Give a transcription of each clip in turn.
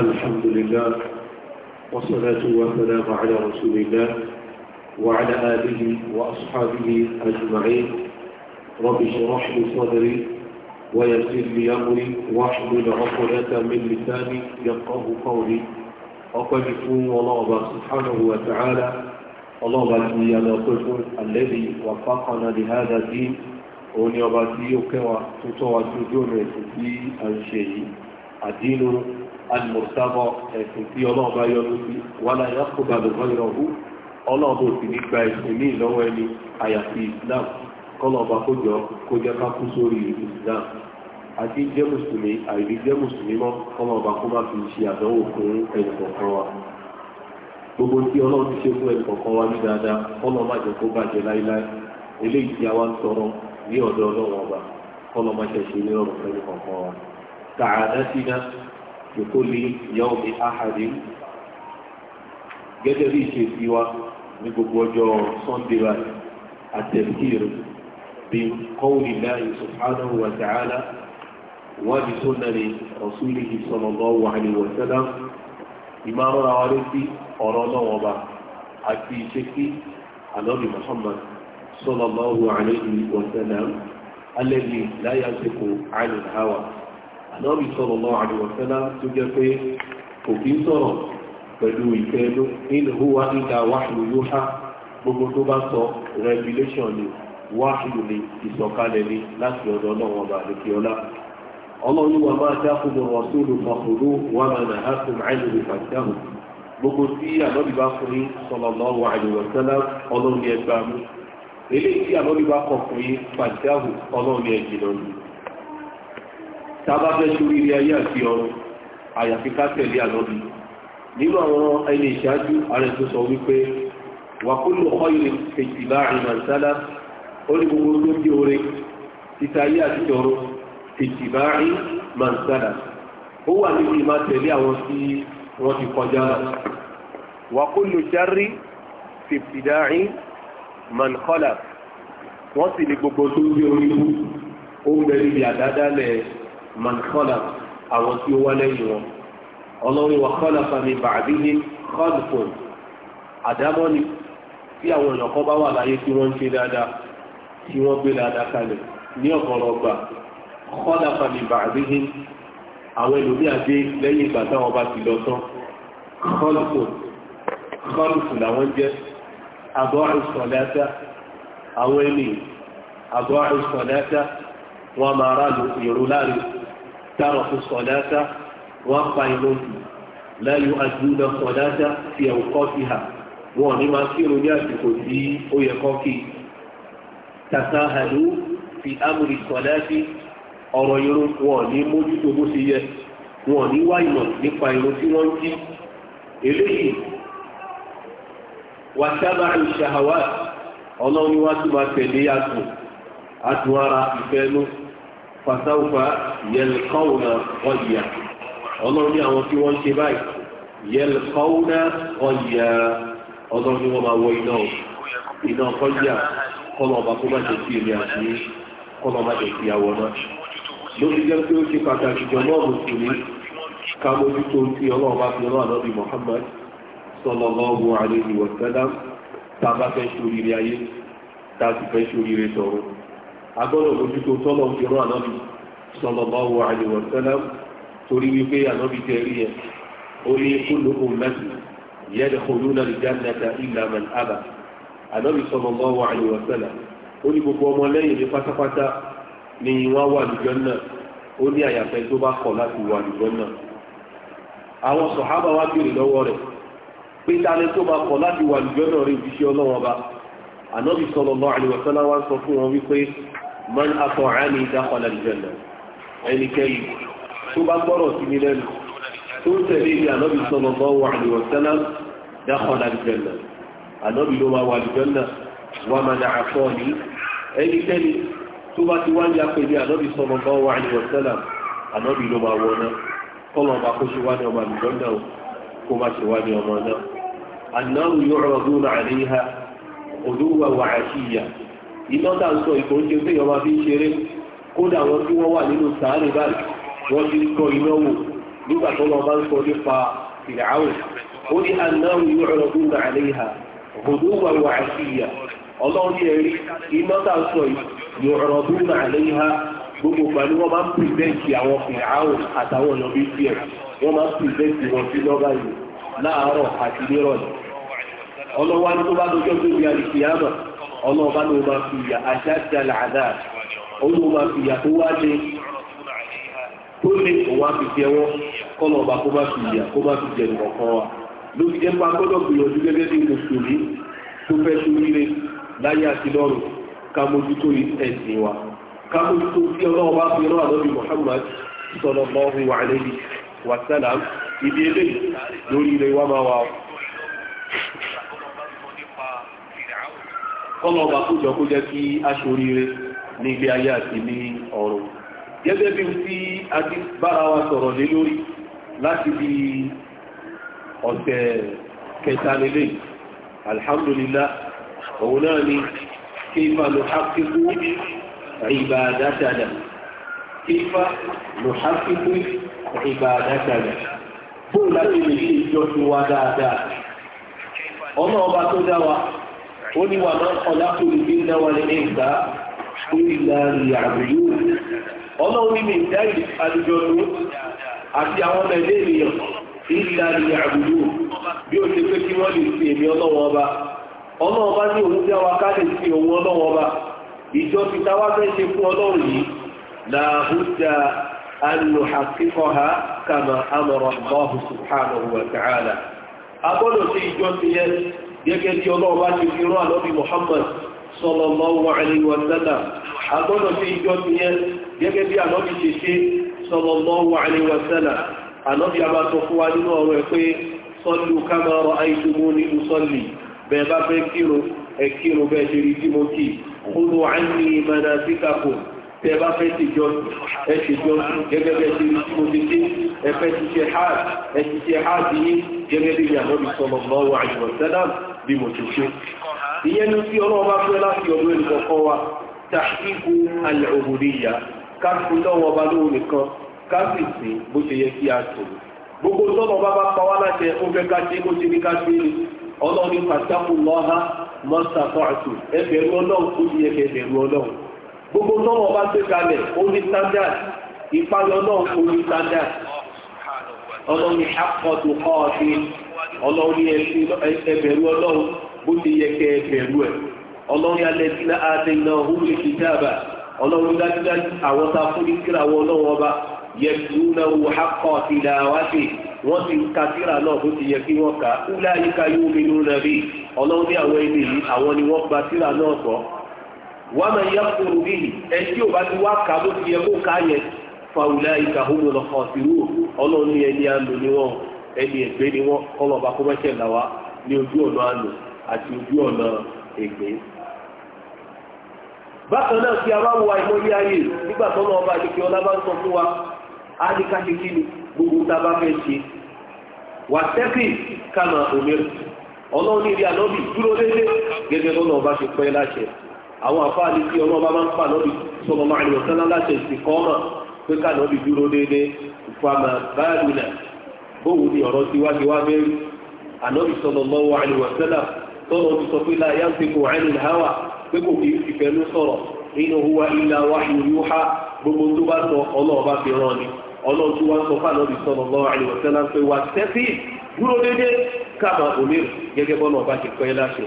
الحمد لله والصلاة والسلام على رسول الله وعلى آله وأصحابه أجمعين رب اشرح لي صدري ويسر لي أمري واحلل عقدة من لساني يفقه قولي ọpẹ́ ní fún ọlọ́ọ̀bá subhanahu wa ta'ala ọlọ́ọ̀bá ti yàlẹ̀ ọpẹ́ fún alẹ́bí wà fákanà lè hádà sí òun ni ọba tí ó kẹwàá tó tọ́ wa tó jó rẹ̀ sí sí à ń ṣe yìí àdínú alìmọ̀sábọ̀ ẹ̀sìn tí ọlọ́ọ̀bá yọnu sí wàlá yàkùbà lọ́wọ́ ìrọ̀hú ọlọ́ọ̀bọ̀ sì ní gba ẹ̀sìn ní ìlọ́wọ́ ẹni àyàfi islam kójọ islam fi gbogbo tí ọlọ́run ti ṣe fún ẹnì kọ̀ọ̀kan wa ní dáadáa kọlọ́ọ̀ kó bàjẹ́ láíláí eléyìí tí a ọba ní كعادتنا في كل يوم أحد gẹ́gẹ́ bí ìṣe fi wa ní gbogbo ọjọ́ sunday bar àtẹ̀kìr bí kọ́wùlì láì subhanahu wa ta'ala wà ní sunnah rasulihi sallallahu alaihi wa sallam ìmáàmù ra wa létí ọ̀rọ̀ náà ọba àti ìṣe kí alọ́bì muhammad sallallahu alaihi wa sallam alladhi la yantiqu 'anil hawa ànábì sallallahu alaihi wa sallam tó jẹ́ pé kò kí ń sọ̀rọ̀ pẹ̀lú ìfẹ́ ló in huwa illa wahyu yuha gbogbo tó bá sọ revelation ni wahyu ni ìsọ̀kalẹ̀ ni láti ọ̀dọ̀ ọlọ́wọ́ bá lè kí ọlá ọlọ́run wà máa dákúndọ̀ rọ̀súlù fọ̀kùnrú wà máa nà á fún tábà fẹ́ sórí ilé ayé àti ọ̀run àyàfi ká tẹ̀lé àlọ́bí nínú àwọn ẹni ìṣáájú ààrẹ tó sọ wípé wà kó lò kọ́ ilé ìtìbá àìmọ̀sálá ó ní gbogbo tó dé oore títa ayé àti ọ̀run ìtìbá àìmọ̀sálá ó wà níbi ìmá tẹ̀lé àwọn tí wọ́n ti kọjá lọ wà kó lò sáré ìtìbá àìmọ̀sálá wọ́n sì ní gbogbo tó dé orí ó ń bẹ níbi àdádálẹ̀ man kọ́lá àwọn tí ó wá lẹ́yìn wọn ọlọ́run wa kọ́lá fami bàbíyé kọ́lùfòn àdámọ́ ni tí àwọn èèyàn kan bá wà láyé tí wọ́n ń ṣe dáadáa tí wọ́n gbé dáadáa kalẹ̀ ní ọ̀gọ̀rọ̀ ọgbà kọ́lá fami bàbíyé àwọn ẹlòmíà dé lẹ́yìn ìgbà táwọn bá ti lọ tán kọ́lùfòn kọ́lùfòn làwọn jẹ́ àbọ̀ àìsànlẹ́ta àwọn ẹni àbọ̀ àìsànlẹ́ta wọn máa rà lò láàrin تركوا الصلاة وقائمون لا يؤدون الصلاة في أوقاتها وعندما كانوا يأتوا في أوقاتي تساهلوا في أمر الصلاة ọ̀rọ̀ irun wọn ní mójútó bó ṣe yẹ wọn ní wá ìmọ̀ nípa irun tí eléyìí wà sábà ìṣàhàwá ọlọ́run wá tún máa tẹ̀lé àtùn àtùn ara ìfẹ́ náà fasawufa yẹlkọ́wùnà ọ̀yà ọlọ́run ní àwọn tí wọ́n ń ṣe báyìí yẹlkọ́wùnà ọ̀yà ọlọ́run ní wọ́n máa wọ iná iná kọ́yà kọ́lọ̀ ọba kó má jẹ́ sí èmi àti kọ́lọ̀ má jẹ́ sí àwọ̀ náà lórí jẹ́ pé ó ṣe pàtàkì jọ náà mùsùlùmí ká mójútó tí ọlọ́run bá fi rán ànábì Muhammad sallallahu alaihi wa sallam tá a bá fẹ́ ṣoríire ayé tá a sì fẹ́ ṣoríire tọ̀run agbọ́dọ̀ mójútó tọ́lọ̀ fi rán ànábì sallallahu alaihi wa sallam torí wípé ànábì tẹ rí ẹ ó ní kullu ummati yadkhuluna al-jannata illa man aba ànábì sallallahu alaihi wa sallam ó ní gbogbo ọmọ lẹ́yìn ní pátápátá ni wọ́n wà lùjọ́ náà ó ní àyàfẹ́ tó bá kọ̀ láti wà lùjọ́ náà àwọn sọ̀hábà wá bèrè lọ́wọ́ rẹ̀ pé tálẹ́ tó bá kọ̀ láti wà lùjọ́ náà rí ìbíṣẹ́ ọlọ́wọ́n ba ànábì sallallahu alaihi wa sallam wá sọ fún wọn wípé man at'ani dakhala al-janna ẹnikẹ́ni tó bá gbọ́rọ̀ sí mi lẹ́nu tó ń tẹ̀lé ní ànábì sallallahu alaihi wa sallam dakhala al-janna ànábì ló máa wà al-janna wa man 'asani ẹnikẹ́ni tó bá ti wá ní apẹ̀lú ànábì sallallahu alaihi wa sallam ànábì ló máa wọ̀ náà kọ́lọ̀ ọba kó ṣe ní ọmọ àlùjọ́nà kó ní ọmọ náà. ànáwó yóò rọ̀ iná tá ń sọ ìkò ń ṣe fi ṣeré kódà wọn tí wọ́n wà nínú sàárè báyìí wọ́n ti ń kọ́ nígbà tó lọ bá ń sọ nípa ìdáhùn ó ní anáwó yóò rọrùn fún àlẹ́ ìhà òdó wà wà àti ìyà ọlọ́run ní ẹ̀rí iná sọ yóò rọrùn fún àlẹ́ ìhà gbogbo wọn sí yìí láàárọ̀ ọlọ́ọ̀bá ló máa fi ìyà àjájá làdá olóò máa fi ìyà tó wá dé tó lè òun á fi jẹ wọ́n kọ́lọ̀ọ̀bá kó má fi ìyà kó má fi jẹ nǹkan wa ló fi jẹ́ pa gbọ́dọ̀ gbìyànjú gẹ́gẹ́ bí mùsùlùmí tó fẹ́ sóríire láyé àti lọ́rùn ká mójútó ẹ̀sìn wa ká mójútó tí ọlọ́ọ̀bá fi rán àlọ́bí Muhammad sallallahu alaihi wa sallam ibi eléyìí lórí ilé wa máa wà ọ́ kọ́lọ̀ ọba kójọ kó jẹ́ kí a ṣoríire ní ilé ayé àti ní ọ̀rọ̀ gẹ́gẹ́ bí tí a ti bára wa sọ̀rọ̀ lé lórí láti bí ọ̀sẹ̀ kẹta lélẹ̀ alhamdulillah òun náà ni kayfa ó ní wà máa ń kọ lápòlù bí náà wà lẹ́yìn ìgbà ó ní láàrin àbúyó ọlọ́run ní mi dá àlùjọ̀nù àti àwọn ọmọ ẹ̀dẹ́ ènìyàn ní láàrin àbúyó bí ó ṣe pé kí wọ́n lè fi èmi ọlọ́wọ́n ọba ọlọ́run bá ní òun jáwa ká lè fi òun ọlọ́wọ́n ọba ìjọ ti táwa fẹ́ ṣe fún ọlọ́run yìí làbújá anuhakikọha kama amọ̀rọ̀ Allahu subhanahu wa ta'ala agbọ́dọ̀ sí ìjọ ti yẹn gẹ́gẹ́ bí ọlọ́run bá ti fi rán àlọ́bí Muhammad sallallahu alaihi wa sallam agbọ́dọ̀ sí ìjọ tiyẹn gẹ́gẹ́ bí àlọ́bí ṣe ṣe sallallahu alaihi wa sallam àlọ́bí a máa sọ fún wa nínú ọ̀rọ̀ ẹ̀ pé sallu fẹ́ ti jọ ẹ jọ gẹ́gẹ́ bẹ́ẹ̀ ti rí tí mo ti dé ẹ ti ṣe hajj ẹ ṣe hajj yìí gẹ́gẹ́ bí àlọ́bí sallallahu alaihi wa bí mo ṣe ṣe ìyẹn ní tí ọlọ́wọ́ bá fẹ́ láti ọ̀dọ̀ ẹnìkọ̀ọ̀kan wa tàṣíkù alẹ́ òbòdìyà ká fún lọ́wọ́ ọba lóhùn nìkan ká sì sìn bó ṣe yẹ kí a sìn gbogbo tọ́lọ̀ bá bá pa wá láṣẹ ó fẹ́ ká ṣe bó ṣe ní ká ṣe ni ọlọ́run pàṣẹkù lọ́ha mọ́sà tọ́àtù ọlọ́run ó ti yẹ ẹbẹ̀rù ọlọ́run gbogbo tọ́lọ̀ bá gbé kalẹ̀ ó ní standard ìpayọ̀ ọlọ́run ó ní standard ọlọ́run àpọ̀tù kọ́ọ̀tì ọlọ́run ní ẹbẹ̀rù ọlọ́run bó ti yẹ kẹ ẹbẹ̀rù ẹ̀ ọlọ́run yà lẹ́sí láti iná òhúnlé ti dáàbà ọlọ́run dájúdájú àwọn tá fún ní wọn ọlọ́run ọba yẹ túnà wò hákọ̀ tìlà ka síra náà bó ti yẹ kí wọ́n kà úlá yíká yóò mi bí ọlọ́run ní àwọn ẹni yìí àwọn ni wọ́n gba síra náà gbọ́ máa yẹ kúrò bí ẹni ẹgbẹ́ ni wọn kọ́lọ̀ ọba kọ́mọ́ṣẹ́ là wá ní ojú ọ̀nà àlò àti ojú ọ̀nà ègbé. bákan náà kí a máa wo àìmọye ayé nígbà tó ọba àdìkí ọlá bá ń sọ fún wa á ní ká ṣe kí ni gbogbo tá a bá fẹ́ ṣe. wà tẹ́kì kàmà òmìnir ọlọ́run ní ànábì dúró ọba ṣe pẹ́ láṣẹ àwọn máa ń pa ànábì máa ń bóun ni ọ̀rọ̀ ti wájú wá bẹ́ẹ̀rù ànábì sallallahu alaihi wa sallam tọ́lọ̀ ti sọ pé la yantiqu anil hawa pé kò kì í fi fẹnu sọ̀rọ̀ in huwa illa wahyu yuha gbogbo tó bá sọ ọlọ́ọ̀bá fi rán ni ọlọ́ọ̀ tó wá sọ fún ànábì sallallahu alaihi wa sallam pé wà tẹ́sí dúró déédéé káàmà òmìnir gẹ́gẹ́ bọ́lá ọba ti pẹ́ láṣẹ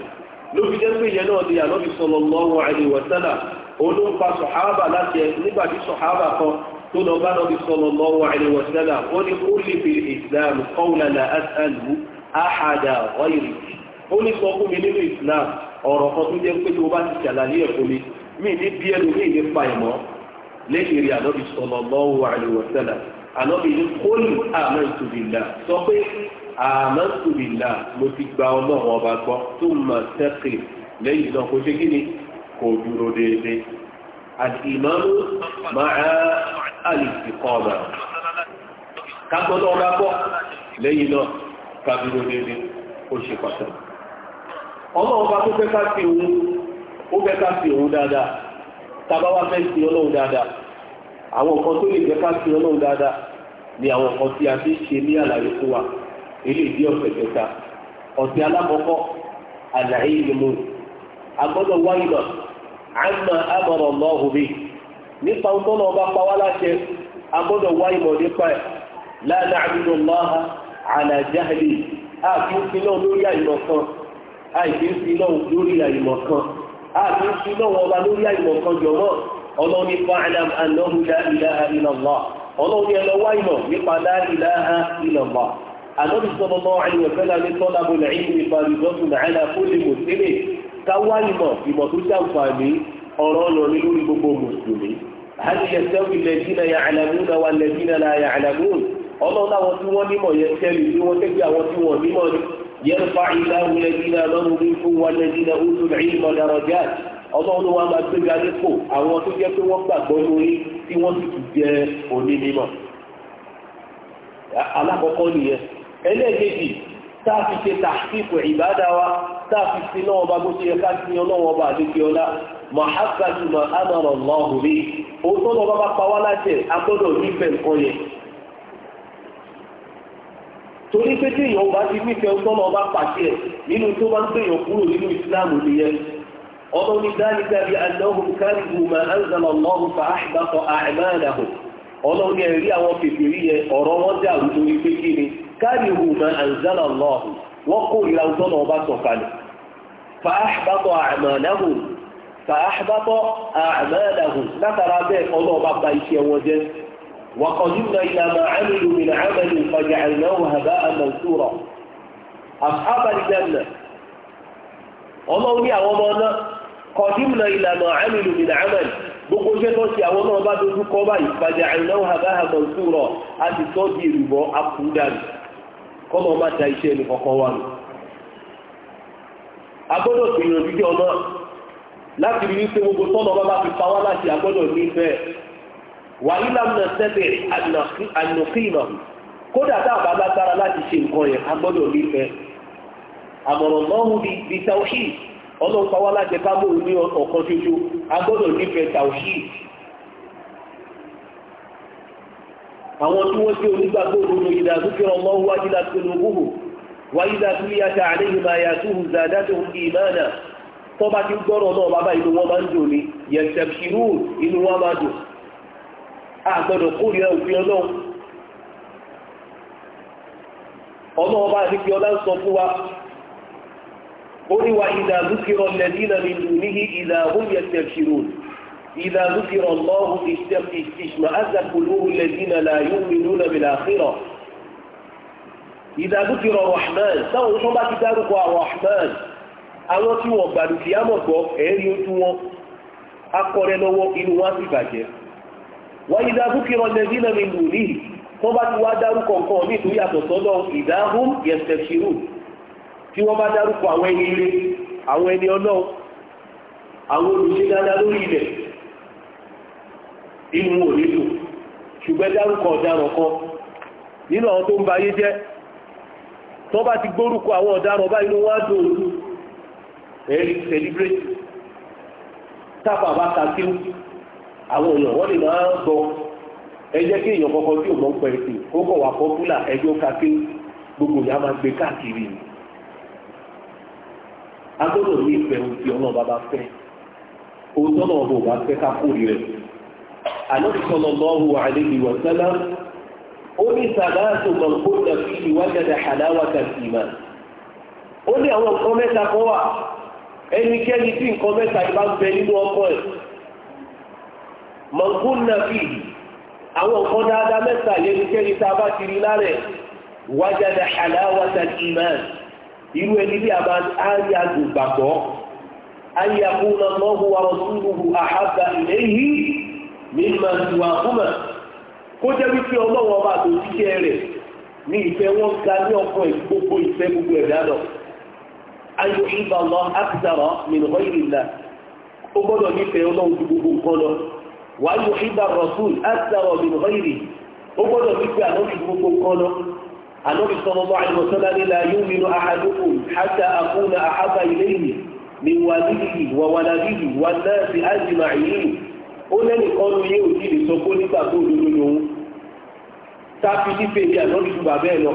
tó lọ bá lọ́bí sallallahu alaihi wa sallam wọ́n ní kó lè fi islam qawlan la as'aluhu ahada ghayriki ó ní sọ fún mi nínú islam ọ̀rọ̀ kan tó jẹ́ pé tó bá ti ṣàlàyé ẹ̀kọ́ mi mí ní bí ẹnu mí ní pa ìmọ̀ lẹ́yìn àlọ́bí sallallahu alaihi wa sallam àlọ́bí ní qul amantu billah sọ pé amantu billah mo ti gba ọlọ́run ọba gbọ́ tó mọ̀ sẹ́kì lẹ́yìn náà kò ṣe kí ni kò dúró déédéé alìmọ́mù máa alìsìkọ́ọ̀mà kágbọ́dọ̀ ọba gbọ́ lẹ́yìn náà kábíró dédé ó tó fẹ́ sí òun ó fẹ́ sí òun dáadáa tábá fẹ́ sí ọlọ́run dáadáa àwọn nǹkan tó lè sí ọlọ́run dáadáa ni àwọn nǹkan tí a ti ṣe ní àlàyé fún wa a àmà àmọ̀rọ̀ lọ́hùn mi nípa ń tọ́nà ọba pa wá láṣẹ agbọ́dọ̀ wá ìmọ̀ nípa ẹ̀ láàrín àdúgbò lọ́ha àlàjáde àti ń fi náà lórí àìmọ̀ kan àìsí ń fi náà lórí àìmọ̀ kan àti ń fi náà ọba lórí àìmọ̀ kan jọ̀wọ́ ọlọ́ni fa'lam annahu la ilaha illallah ọlọ́ni ẹ lọ wá ìmọ̀ nípa la ilaha illallah àlọ́bìsọ̀rọ̀ náà àìwọ̀fẹ́lá ní káwá ìmọ̀ ìmọ̀ tó ṣàǹfààní ọ̀rọ̀ ọ̀nà ní lórí gbogbo mùsùlùmí hali yẹsẹ́wì lẹ́dínà yà àlàmúnà wà lẹ́dínà là yà àlàmún ọlọ́run àwọn tí wọ́n nímọ̀ yẹn tẹ́lẹ̀ tí wọ́n tẹ́gbẹ́ àwọn tí wọ́n nímọ̀ yẹn fa ìlà lẹ́dínà lọ́rùn ní fún wa lẹ́dínà oṣù ìmọ̀ dàrọ̀jà ọlọ́run wa máa gbéga táàfi ṣe tàṣíkù ìbádá wa táàfi sí náà ọba bó ṣe yẹ ká sí ọlọ́wọ́ ọba àdékè ọlá mahabbatu ma amara Allahu bi òótọ́ lọ́ba bá pa wá láṣẹ agbọ́dọ̀ nífẹ̀ẹ́ nǹkan yẹn torí pé tí èèyàn bá ti nífẹ̀ẹ́ òótọ́ lọ́ba pàṣẹ nínú tó bá ń gbèyàn kúrò nínú ìsìláàmù nìyẹn ọmọ ma ọlọ́run ẹ̀rí àwọn kèfèrí yẹn ọ̀rọ̀ wọn pé kí káàdì hùmà àǹzálà lọ́ọ̀hù wọ́n kó ìlà ọ̀tọ́nà ọba sọ̀kalẹ̀ fàáhbátọ̀ àmàlẹ́hùn fàáhbátọ̀ àmàlẹ́hùn látara bẹ́ẹ̀ ọlọ́ ọba ba iṣẹ́ wọn jẹ́ wàkọ̀dúnà ìlànà àmìlú min àmàlù fàjà àìnáwó àbá àmàlùsúrà àbálìjẹ́nà ọlọ́run ní àwọn ọmọ náà kọ̀dúnà ìlànà àmìlú min gbogbo iṣẹ́ tó ṣe àwọn náà bá dojú kọ́ báyìí fàjà àìnáwó àbá àmàlùsúrà a ti di ìrùbọ̀ àkúdàrú kọ́mọ má da iṣẹ́ ẹni kọ̀ọ̀kan wà nù. a gbọ́dọ̀ gbìyànjú jẹ́ ọmọ láti rí wípé gbogbo tọ́nà bá bá fi pa wá láti a gbọ́dọ̀ nífẹ̀ẹ́ wàyí lámìnà sẹ́bẹ̀ ànàkìmọ̀ kódà tá a bá lágbára láti ṣe nǹkan yẹn a gbọ́dọ̀ nífẹ̀ẹ́ àmọ̀ràn lọ́hùn bíi tàwíì ọlọ́pàá wá láti ká mú ní ọ̀kan ṣoṣo a gbọ́dọ̀ nífẹ̀ẹ́ tàwíì àwọn tí wọ́n jẹ́ onígbàgbọ́ òdodo ìdá sókè ọmọ wájú láti olóbùhù wáyé láti ilé ata àléyìn máa yà tó hùzà dájọ́ ìmáàna tó bá ti gbọ́rọ̀ náà bàbá inú wọn máa ń dùn ní yẹ̀sẹ̀kìrú inú wọn máa dùn àgbọ̀dọ̀ kórìíra òfin ọlọ́run ọlọ́run bá ti fi ọlá ń sọ fún wa ó ní wa ìdá lùkìrọ̀ lẹ́dínà nínú níhi ìdá òun yẹ̀sẹ̀kìrú إذا ذكر الله اشمأز قلوب الذين لا يؤمنون بالآخرة إذا ذكر الرحمن سواء شو بقى تدارك الرحمن àwọn tí wọ́n gbàdù kí á mọ̀ gbọ́ ẹ̀rí ojú wọn akọrẹ lọ́wọ́ inú wọn sì bàjẹ́ wọ́n ìdá dúkìrọ̀ lẹ́gbìnà mi lù ní tó bá ti wá dárúkọ nǹkan mi tó yàtọ̀ sọ́dọ̀ ìdáhùn yẹsẹ̀ṣirù tí wọ́n bá dárúkọ àwọn ẹni ire àwọn ẹni ọlọ́run àwọn olùṣe dáadáa lórí ilẹ̀ inú ò nílò ṣùgbọ́n dárúkọ ọ̀daràn nínú àwọn tó ń báyé jẹ́ tó bá ti gbórúkọ àwọn ọ̀daràn bá inú wá dùn òru ẹ̀rí celebrate tápà bá ta kí àwọn èèyàn wọ́n lè máa ń gbọ́ ẹ kí èèyàn gbogbo ìyá máa gbé káàkiri agbọ́dọ̀ ní ìfẹ́ bá fẹ́ bá fẹ́ Ànábì sallallahu alayhi wa sallam ó ní sàbáàtò mọ̀kúnnà fi ìwádàdà àdáwàkà sí ma ó ní àwọn nǹkan mẹ́ta kan wà ẹnikẹ́ni tí nǹkan mẹ́ta ìbá ń bẹ nínú ọkọ ẹ̀ mọ̀kúnnà fi àwọn nǹkan dáadáa mẹ́ta ẹnikẹ́ni tá a bá ti rí lárẹ̀ wájàdà àdáwàkà sí ma irú ẹni bí a máa áyà àgùgbàgbọ́ áyà kúnnà mímọ ìwà fúnmọ kó jẹ́ wípé ọlọ́wọ́ bá tó jíjẹ́ rẹ̀ ní ìfẹ́ wọn ga ní ọkọ̀ ìgbógbó ìfẹ́ gbogbo ẹ̀dá lọ ayò ìgbà lọ ákìtàrọ̀ mìíràn ìrìnlá ó gbọ́dọ̀ nífẹ̀ẹ́ ọlọ́run ju gbogbo nǹkan lọ wà ayò ìgbà rọ̀sùn ákìtàrọ̀ mìíràn ìrì ó gbọ́dọ̀ nífẹ̀ẹ́ àlọ́bì ju gbogbo nǹkan lọ àlọ́bì sọmọ bá àìmọ̀ sọ́lá nílẹ̀ yóò nínú ahadókùn ó lẹ́nìkan ní yóò sì lè sọ pé nígbà tó òdodo lòun sáfi nífẹ̀ẹ́ ní ànábì ju bàbá ẹ̀ lọ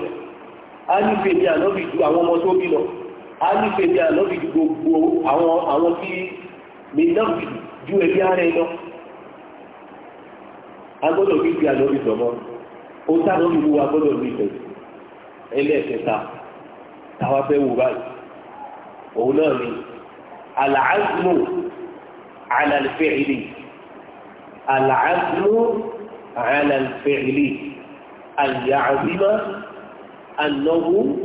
á nífẹ̀ẹ́ ní ànábì ju àwọn ọmọ tó bí lọ á nífẹ̀ẹ́ ní ànábì ju gbogbo àwọn tí mìíràn ju ẹbí ara ẹ lọ agbọ́dọ̀ bí ti ànábì sọmọ ó sábà ń wo agbọ́dọ̀ bí ìfẹ́ ẹlẹ́ẹ̀kẹta táwa fẹ́ wò báyìí òun náà ni àlàázmù àlàlẹ́fẹ́ ìlẹ́yìí. العزم على الفعل أن يعزم أنه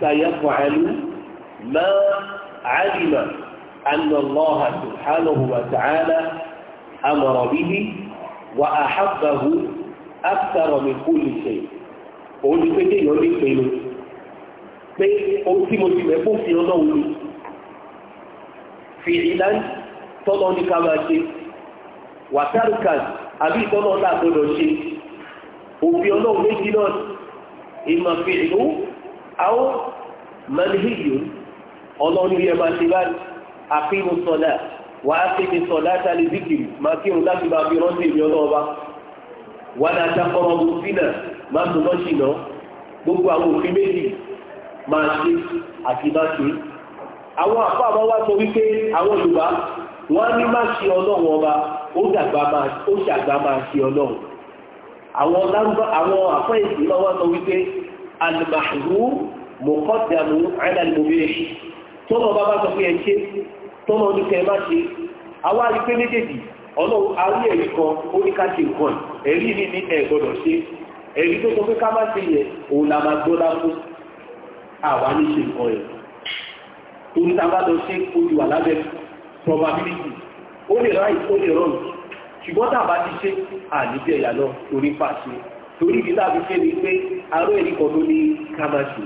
سيفعل ما علم أن الله سبحانه وتعالى أمر به وأحبه أكثر من كل شيء òun pé kéèyàn lè pinnu pé ohun tí mo ti mẹ́fún fi ọlọ́run ni fi ìlànà tọ́lọ́ ní ká máa ṣe wàtárùkàn àbí ìtọ́nà ọ̀la gbọdọ̀ ṣe òfin ọlọ́run méjì náà ìmọ̀ fi ìlú àwọn mẹ́lìhìyù ọlọ́run yẹ máa ṣe báyìí àfihàn sọ̀dà wà á ṣe ti sọ̀dà sálẹ̀ zikiri máa kí òun láti máa fi rántí èmi ọlọ́ọba wà á dá kọ́rọ́ ọdún sínà máa tó lọ́sìn náà gbogbo àwọn òfin méjì máa ṣe àti máa ṣe àwọn àfọ àbáwá sọ wípé àwọn Yorùbá wọn á ní má ṣe ọlọ́run ọba ó dàgbà máa ó ṣàgbà máa ṣe ọlọ́run àwọn lárúbá àwọn àfẹ́yìntì máa wá sọ wípé alimahru mọ̀kọ́dàmù alàlùmọ́bìnrin tọ́lọ̀ bá bá sọ pé ẹ ṣe tọ́lọ̀ ní kẹ́ má ṣe àwa rí pé méjèèjì ọlọ́run arí ẹ̀rí kan ó ní ká ṣe nǹkan ẹ̀rí mi ní ẹ̀ gbọ́dọ̀ ṣe ẹ̀rí tó sọ pé ká má ṣe yẹ òun la máa gbọ́ lápò àwa ní ṣe nǹkan yẹn torí tá a bá lọ ṣe ojú àlábẹ́ probability ó lè ráì ó lè rọrùn ṣùgbọ́n tàbá ti ṣe àníjẹ ìyà lọ torí pàṣẹ torí ibi láti ṣe ni pé aró ẹ̀rí kan ló ní ká máa ṣe.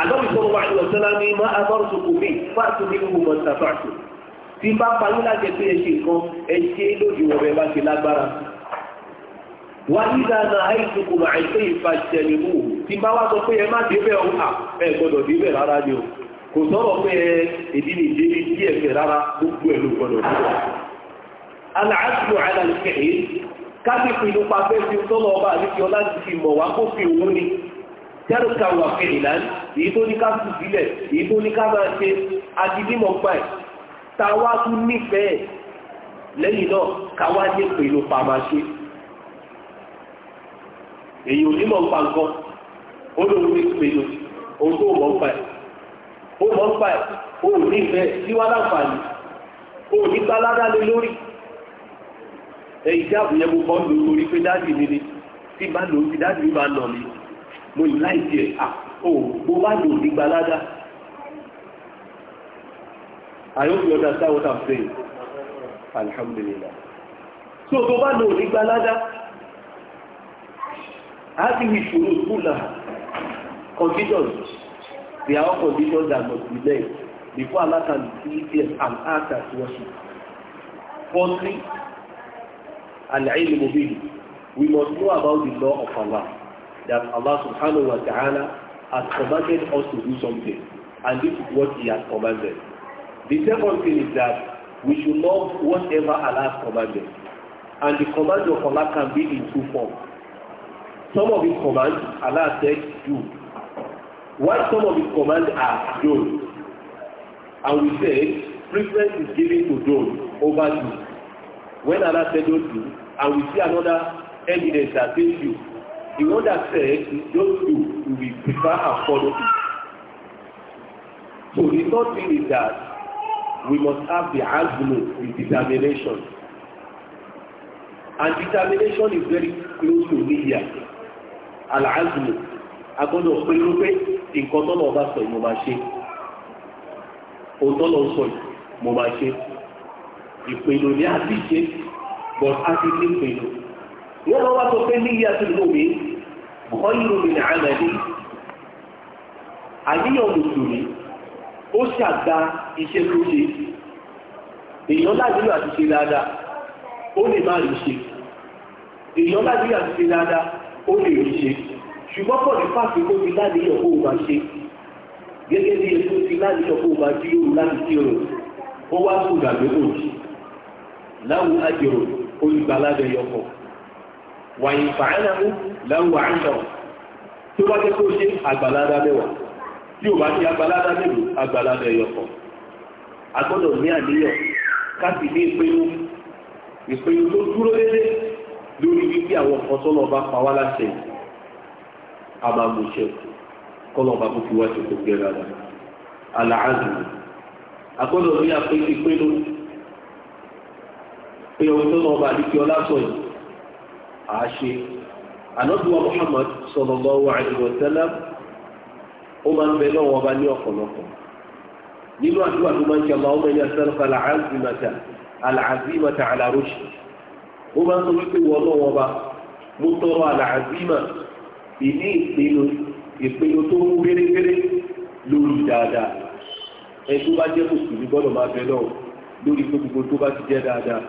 àlọ́bí sọ̀rọ̀ wà ní ọ̀sẹ́lá ní má abọ́rùsọ̀kù mi fáàtú ní ìwò mọ̀tàfáàtù tí bá parí láti pé ẹ ṣe nǹkan ẹ ṣe lójú wọn bẹ́ẹ̀ bá ṣe lágbára. wà nígbà náà àìsùnkùn àìsè ìfàṣẹ̀lẹ̀mù tí bá wá sọ pé ẹ má débẹ̀ ọ̀hún à ẹ gbọ́dọ̀ kò sọ́rọ̀ pé èdè ní ìdí ní tí ẹ̀fẹ̀ rárá gbogbo ẹ̀lú gbọdọ̀ sílẹ̀. ala aláìkẹ̀ẹ́ kábíkù inú pàfẹ́ fi sọ́lọ̀ ọba ọlá ti fi mọ̀ wá kó fi ni wà èyí tó ní ká sùn sílẹ̀ èyí tó ní ká máa ṣe adidímọ̀ pa ẹ̀ ta wá tún nífẹ̀ẹ́ lẹ́yìn náà ká wá ó mọ̀ ń pa ẹ̀ ó ní ìfẹ́ síwá láǹfààní ó ní gbáládá lé lórí ẹ̀yìn tí àbúyẹ mo kọ́ lò torí pé dáàdì mi ni tí bá lò ti dáàdì mi máa nà mí mo ì láìsí ẹ̀ à ó bá lò ní gbáládá I hope you understand what I'm saying. Alhamdulillah. So tó bá lò ní gbáládá á ti wí ìṣòro kúlà conditions There are conditions that must be met before Allah can see them and ask us to worship. Firstly, al-ilmu bihi. We must know about the law of Allah, that Allah subhanahu wa ta'ala has commanded us to do something, and this is what He has commanded. The second thing is that we should love whatever Allah has commanded, and the command of Allah can be in two forms. Some of His commands, Allah said, do, While some of his commands are done, and we say preference is given to done over do. When Allah said don't do, and we see another evidence that says you, the one that said don't do, we prefer and follow it. So the third thing is that we must have the azmu, the determination. And determination is very close to media. Al-azmu. A gbọ́dọ̀ pinnu pé nǹkan tọ́lọ̀ ọba sọ yìí mo máa ṣe ohun tọ́lọ̀ sọ yìí mo máa ṣe ìpinnu ní àti ṣe but àti ní ìpinnu wọ́n lọ wá sọ pé ní ìyá tó lò mí ọyún omi ní àmàlí àníyàn mùsùlùmí ó ṣàgbá iṣẹ́ tó ṣe èèyàn láàbílò àti ṣe dáadáa ó lè má rí ṣe èèyàn láàbílò àti ṣe dáadáa ó lè rí ṣe ṣùgbọ́n pọ̀ ní fáàkì kó ti láti yọ̀ kó o máa ṣe gẹ́gẹ́ bí epo ti láti yọ̀ kó o máa dúró láti kí o ó wá sùn gbàgbé kò jì láwùú àjèrò olùgbàládẹ yọkọ̀ wàyí fàánàmú láwùú àjọ tó bá jẹ́ kó ṣe àgbàládá mẹ́wàá tí o bá ṣe àgbàládá mẹ́lòó àgbàládẹ yọkọ̀ a ní àníyàn káàkiri ní ìpinnu ìpinnu tó dúró lórí wípé àwọn ọ̀kan tó pa wá láṣẹ yìí a máa mú iṣẹ́ kọ́lọ̀ bá kó fi wá ṣe kó gbé rárá àlàáàzù àkọ́lọ̀ ní apẹ́kí pẹ́lú pé ohun tó lọ́ọ́ bá àdìkí ọlá sọ yìí à á ṣe ànọ́dúwà Muhammad sallallahu alaihi wa sallam ó máa ń bẹ lọ́wọ́ ọba ní ọ̀pọ̀lọpọ̀ nínú àdúrà tó máa ń ṣe Allahumma inni as'aluka al-'azimata al-'azimata ala rushd ó máa ń sọ wípé wọ́n lọ́wọ́ ọba mo tọrọ al-'azima ìní ìpinnu ìpinnu tó mú bérebére lórí dáadáa ẹ tó bá jẹ́ mùsùlùmí gbọ́dọ̀ máa bẹ náà lórí pé gbogbo tó bá ti jẹ́ dáadáa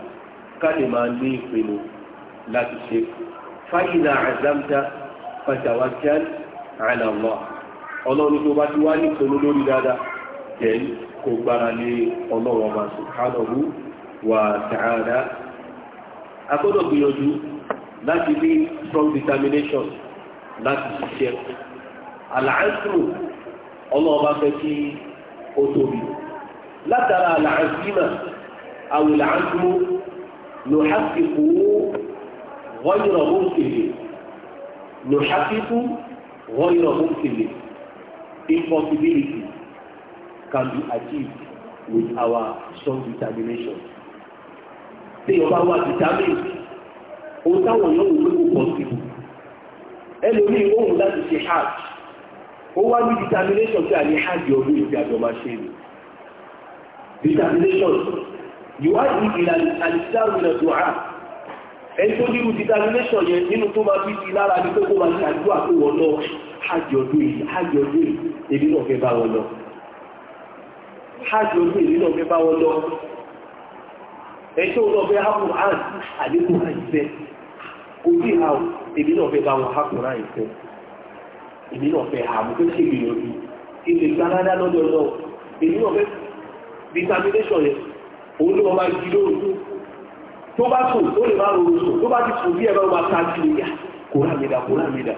ká lè máa ní ìpinnu láti ṣe fáyìnà àzámta fàtàwákíán àlàmọ́ ọlọ́run tó bá ti wá ní ìpinnu lórí dáadáa jẹ́ kó gbára lé ọlọ́run ọba subhanahu wa ta'ala a gbọ́dọ̀ gbìyànjú láti ní strong determination láti ṣiṣẹ́ àlàáṣù ọlọ́ọ̀bá fẹ́ kí ó tóbi látara àlàáṣìmà àwòlàáṣù nùhásìkò wọ́nyìnrọ̀ mọ́kèlè nùhásìkò wọ́nyìnrọ̀ mọ́kèlè impossibility can be achieved with our strong determination. Tí ọba wa determine, ohun táwọn yóò wúlò possible ẹlòmí ohun láti ṣe hajj ó wá ní determination tí a ní hajj ọdún ìgbà àjọba ṣe ni determination ìwádìí ìlànà àdìsáàrù ilẹ̀ dùn á ẹni tó nírú determination yẹn nínú tó máa fi ti lára ní pé kó máa ṣe àdúrà pé wọ́n lọ hajj ọdún yìí hajj ọdún yìí èmi náà fẹ́ bá wọn lọ hajj ọdún èmi náà fẹ́ bá wọn lọ ẹni tó lọ fẹ́ hapun hajj àdékù hajj bẹ́ẹ̀ kò rí ha o èmi náà fẹ́ bá wọn ha kùnrin àìsàn èmi náà fẹ́ ha mo fẹ́ ṣe ìrìnàjò kí n lè gba dáadáa èmi náà fẹ́ determination yẹn òun ló máa di lóru tó bá sùn ó lè máa rọrùn sùn tó bá ti sùn bí ẹ bá wọn ta sí ìyá kò rà mí dà kò rà mí dà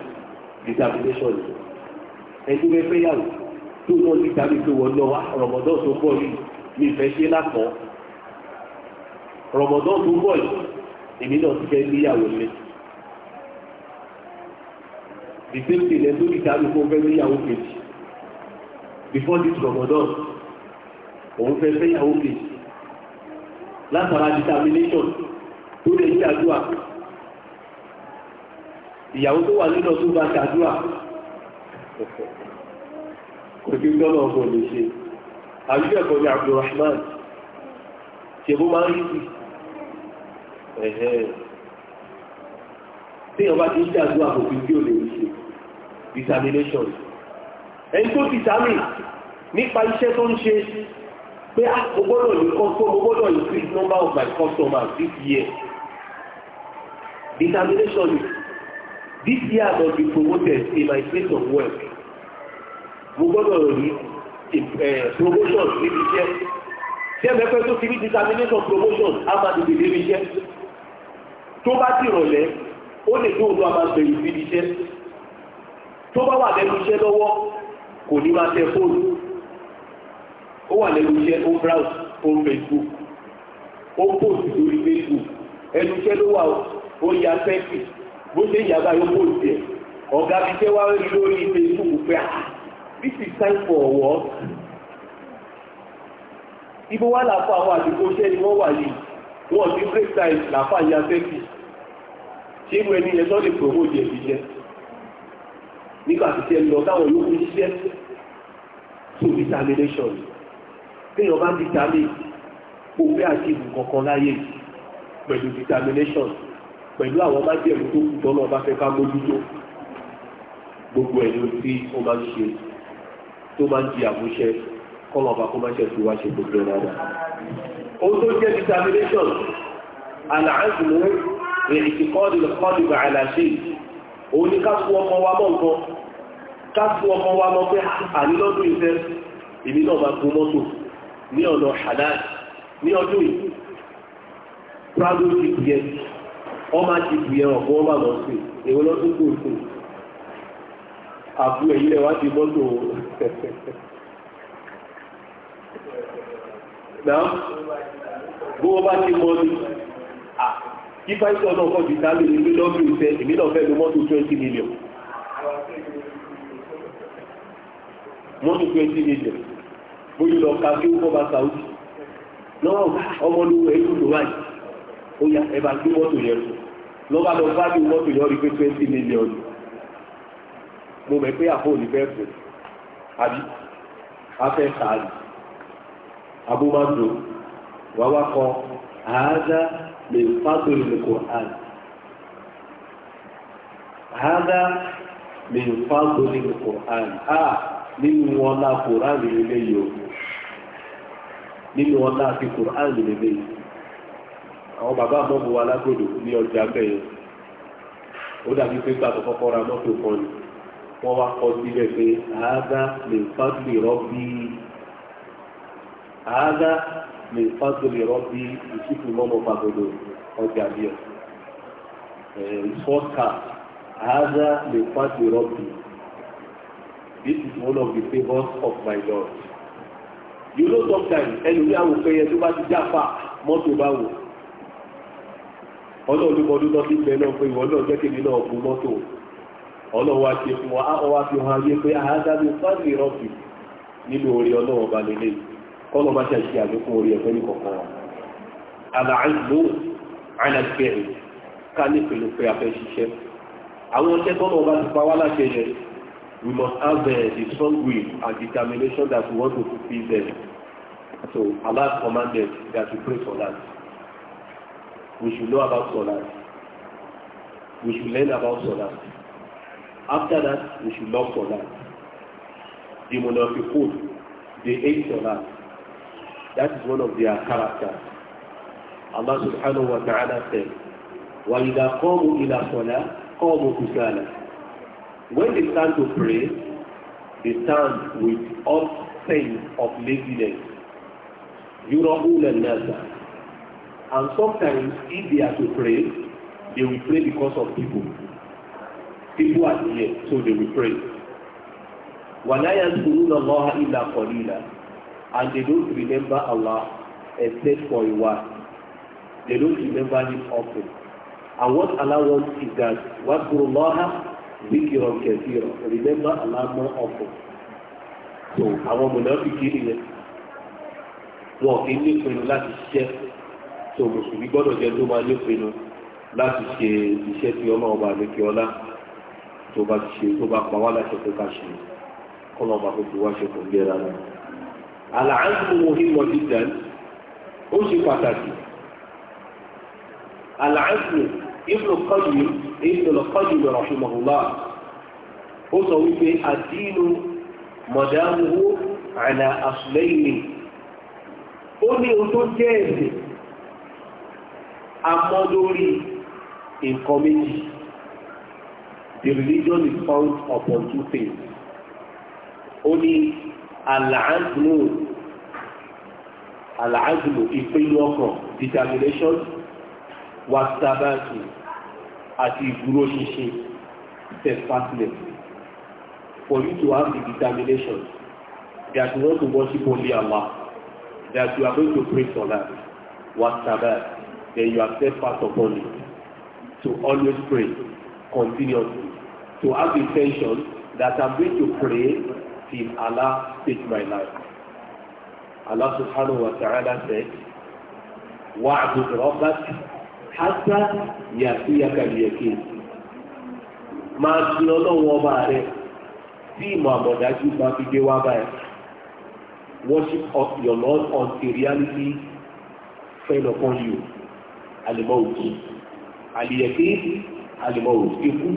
determination yẹn ẹni bẹ fẹ́ yàwó tó náà ti dàbí pé wọ́n lọ wá rọ̀mọ̀dọ́ tó bọ̀ yìí mi fẹ́ ṣe lápọ̀ rọ̀mọ̀dọ́ tó bọ̀ yìí èmi náà ti fẹ́ níyàwó lẹ́yìn the same thing ẹ̀ tó ti dàbí fún fẹ́ níyàwó kejì before this Ramadan òun fẹ́ fẹ́ yàwó kejì látara determination tó lè ní àdúrà ìyàwó tó wà nínú tó bá ṣàdúrà kò sí gbọ́nà ọgbọ̀n lè ṣe àbíkẹ́ ẹ̀kọ́ ní Abdulrahman ṣe bó máa ń rí sí ẹ̀hẹ́ tí ọba ti ń ṣàdúrà kò sí tí ò lè ṣe examination ẹni tó ti sáré nípa iṣẹ́ tó ń ṣe pé ah, mo gbọ́dọ̀ ní kọ́sọ́ mo gbọ́dọ̀ increase number of my customers this year determination is this year I must be promoted in my place of work mo gbọ́dọ̀ rí eh, promotion níbi iṣẹ́ tí ẹ̀mẹ́ pẹ́ tó ti rí determination promotion á máa dìde débi iṣẹ́ tó bá ti rọ̀lẹ́ ó lè tó òun ló a máa bẹ̀rù síbi iṣẹ́ tó bá wà lẹ́nu iṣẹ́ lọ́wọ́ kò ní máa tẹ fóònù ó wà lẹ́nu iṣẹ́ ó browse on facebook ó post lórí facebook ẹnu iṣẹ́ ló wà ó ya sẹ́ẹ̀kì bó ṣe ń yàgbá yóò post ẹ̀ ọ̀gá fi jẹ́ wá rí lórí facebook pé ah this is time for ọ̀wọ́ ibo wá làfọ àwọn àdìgbò iṣẹ́ ni wọ́n wà yìí wọ́n ti break time làfọ àyà sẹ́ẹ̀kì ṣé irú ẹni yẹn tó lè promote ẹ̀bí jẹ́ nígbà tí tẹ́ lọ táwọn yóò fi ṣiṣẹ́ tó determination téèyàn bá determine kó fẹ́ àṣìbù kankan láyé pẹ̀lú determination pẹ̀lú àwọn májẹ̀mú tó kù tọ́nà bá fẹ́ ká mójútó gbogbo ẹ̀ ló tí ó máa ń ṣe tó máa ń di àmúṣẹ kọ́nà ọba kó máa ṣe fi wá ṣe gbogbo ẹ̀ rárá ohun tó jẹ́ determination àlàáfíà ìrìnkì kọ́ọ̀dì lọ́kọ́ọ̀dì bàálà ṣe yìí òun ni ká fún ọmọ wa mọ́ nǹkan ká fún ọmọ wa mọ́ pé ànílọ́dún ìfẹ́ èmi náà máa gun mọ́tò ní ọ̀nà halal ní ọdún yìí prado ti bìyẹ ọmọ ti bìyẹ ọ̀gbọ́n ọmọ lọ sí èwo lọ́dún tó sí àbú ẹ̀yìn lẹ́wà ti mọ́tò kí pàṣẹ ọ̀nà ọkọ̀ ti sáré ní mílíọ̀nù ìfẹ́ èmi náà fẹ́ lo mọ́tò twenty million mọ́tò 20 million mo yìí lọ ka kí ó kọ́ba Saudi náà ọmọlúwẹ̀ ẹ̀yìn ló wáyé ó yà ẹ̀ bá gbé mọ́tò yẹn lọ́ba lọ bá gbé mọ́tò yẹn rí pé twenty million mo mẹ̀ pé àpò òní fẹ́ fún àbí afẹ́ sàárì abúmọ́tò wàá wá kọ àádá. من فضل القرآن هذا من فضل القرآن آه من ولا قرآن لليه nínú ọlá àti Qur'an lèlè àwọn bàbá àmọ́bù wa lágbòdò ní ọjà bẹ́ẹ̀ ó dàbí pé gbàtọ̀ kọ́kọ́ ra mọ́tò kan ni wọ́n wá kọ́ sílẹ̀ pé àádá lè fábìlì rọ́bì àádá lè fásitì rọ́bì ìṣípò mọ́mọ́ pàgọ́dọ̀ ọjà bíọ́ ìfọ́kà àádá lè fásitì rọ́bì this is one of the favours of my God. you know sometimes ẹlòmíà wò pé yẹn tó bá ti jáfa mọ́tò bá wò ọlọ́ọ̀lú ọdún tó fi bẹ̀ náà pé ìwọ náà jẹ́ kéde náà fún mọ́tò ọlọ́wọ́ àti ẹ̀fún wa á ọwá fi hàn yé pé àádá lè fásitì rọ́bì nínú orí ọlọ́wọ́ balẹ̀ lẹ́yìn kọ́nà bá ṣe ṣe àlékún orí ẹ̀fẹ́ nìkọ̀kan wa àlàáìlú àìlàkẹ́rì ká ní pẹ̀lú pé a ṣiṣẹ́ àwọn ọṣẹ́ tọ́nà ọba ti pa wá láṣẹ yẹn we must have uh, the strong will and determination that we want to fulfill them so Allah commanded that we pray for that we should know about solat we should learn about solat after that we should love solat the monafi food they hate solat That is one of their characters. Allah subhanahu wa ta'ala said, وَإِذَا قَوْمُوا إِلَى صَلَىٰ قَوْمُوا كُسَالَىٰ When they stand to pray, they stand with all sense of laziness. يُرَهُونَ النَّاسَ And sometimes, if they are to pray, they will pray because of people. People are here, so they will pray. وَلَا يَذْكُرُونَ اللَّهَ إِلَّا قَلِيلًا and they don't remember Allah except for a while. They don't remember Him often. And what Allah wants is that وَاذْكُرُوا اللَّهَ ذِكْرًا كَثِيرًا Remember Allah more often. So I want to not begin it. nìyẹn in kì í nípinnu láti ṣiṣẹ́ so mùsùlùmí gbọ́dọ̀ jẹ́ tó máa nípinnu láti ṣe iṣẹ́ tí ọlọ́ọ̀bà lókè ọlá tó bá ti ṣe tó bá pa wá láṣẹ pé ká ṣe kọ́lọ́ọ̀bà tó ti wá ṣe kò ń gbéra náà àlàáńtò muhimọ̀ dídán ó ṣe pàtàkì àlàáńtò ibnu Qayyim ibnu Qayyim rahimahullah ó sọ wípé àdínú mọ̀dáwó àlà àṣùlẹ́yìn ó ní ohun tó jẹ́ ẹ̀sìn amọ́ lórí nǹkan méjì the religion is found upon two things ó ní àlàágùnù àlàágùnù ìpinnu ọkàn determination wasabaki àti ìdúró ṣinṣin steadfastness for you to have the determination that you want to worship only Allah that you are going to pray for that wasabaki then you are steadfast upon it to always pray continuously to have the intention that I'm going to pray till Allah fit my life. Allah subhanahu wa ta'ala said, وَعْبُدْ رَبَّكَ حَتَّى يَأْتِيَكَ الْيَقِينُ Máa sin ọlọ́run ọba rẹ̀ tí ìmọ̀ àmọ̀dájú bá Worship of your Lord until reality fell upon you. Àlìmọ́wùtì. Àlìyẹ̀kí àlìmọ́wùtì ikú.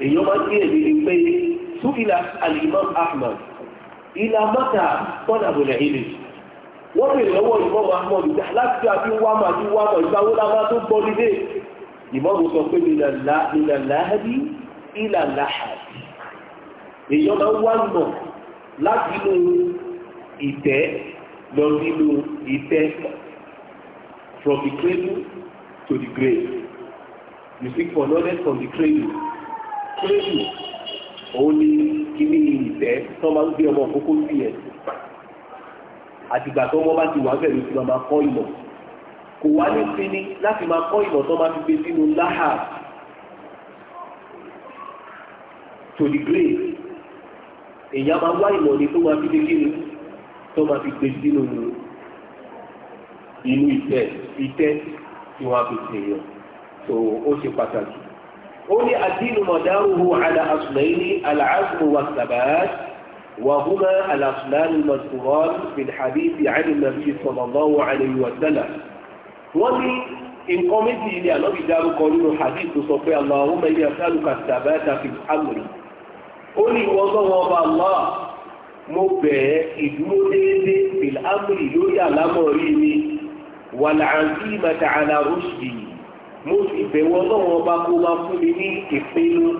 Èèyàn máa súhìlà al-Imam Ahmad ìlà mọ́ta tọ́nà bọ̀lẹ̀ ilé wọ́n bèèrè lọ́wọ́ Imam Ahmad láti jọ àbí wá màá bí wá màá ìgbàwó lábá tó gbọ́ nílé Imam sọ pé ìlà láhàbí ìlà láhàbí èèyàn máa ń wá nà láti inú ìtẹ́ lọ nínú ìtẹ́ from the cradle to the grave you seek for knowledge from the cradle cradle òun ni kíní ìfẹ́ tó máa ń gbé ọmọ òkókó ń bì ẹ̀ àtìgbà tó wọ́n bá ti wà bẹ̀rù sí máa kọ́ ìmọ̀ kò wá ní sinmi láti máa kọ́ ìmọ̀ tó máa fi gbé sínú láhà to the grave èèyàn máa wá ìmọ̀ ni tó máa fi gbé sínú tó máa fi gbé sínú inú ìtẹ́ ìtẹ́ tí wọ́n á fi ṣèyàn so ó ṣe pàtàkì. قل الدين مداره على أصلين العزم والثبات وهما الأصلان المذكوران في الحديث عن النبي صلى الله عليه وسلم ومن nǹkan méjì ilé ànábì dárúkọ nínú hadith tó sọ pé Allahumma inni as'aluka thabata fil amri ó ní ìwọ lọ́wọ́ ọba Allah mo bẹ̀ẹ́ ìdúró déédéé fil amri lórí àlámọ̀rí mi wal azimata ala rushdi mo sì bẹ̀wò ọlọ́run ọba kó wá fún mi ní ìpinnu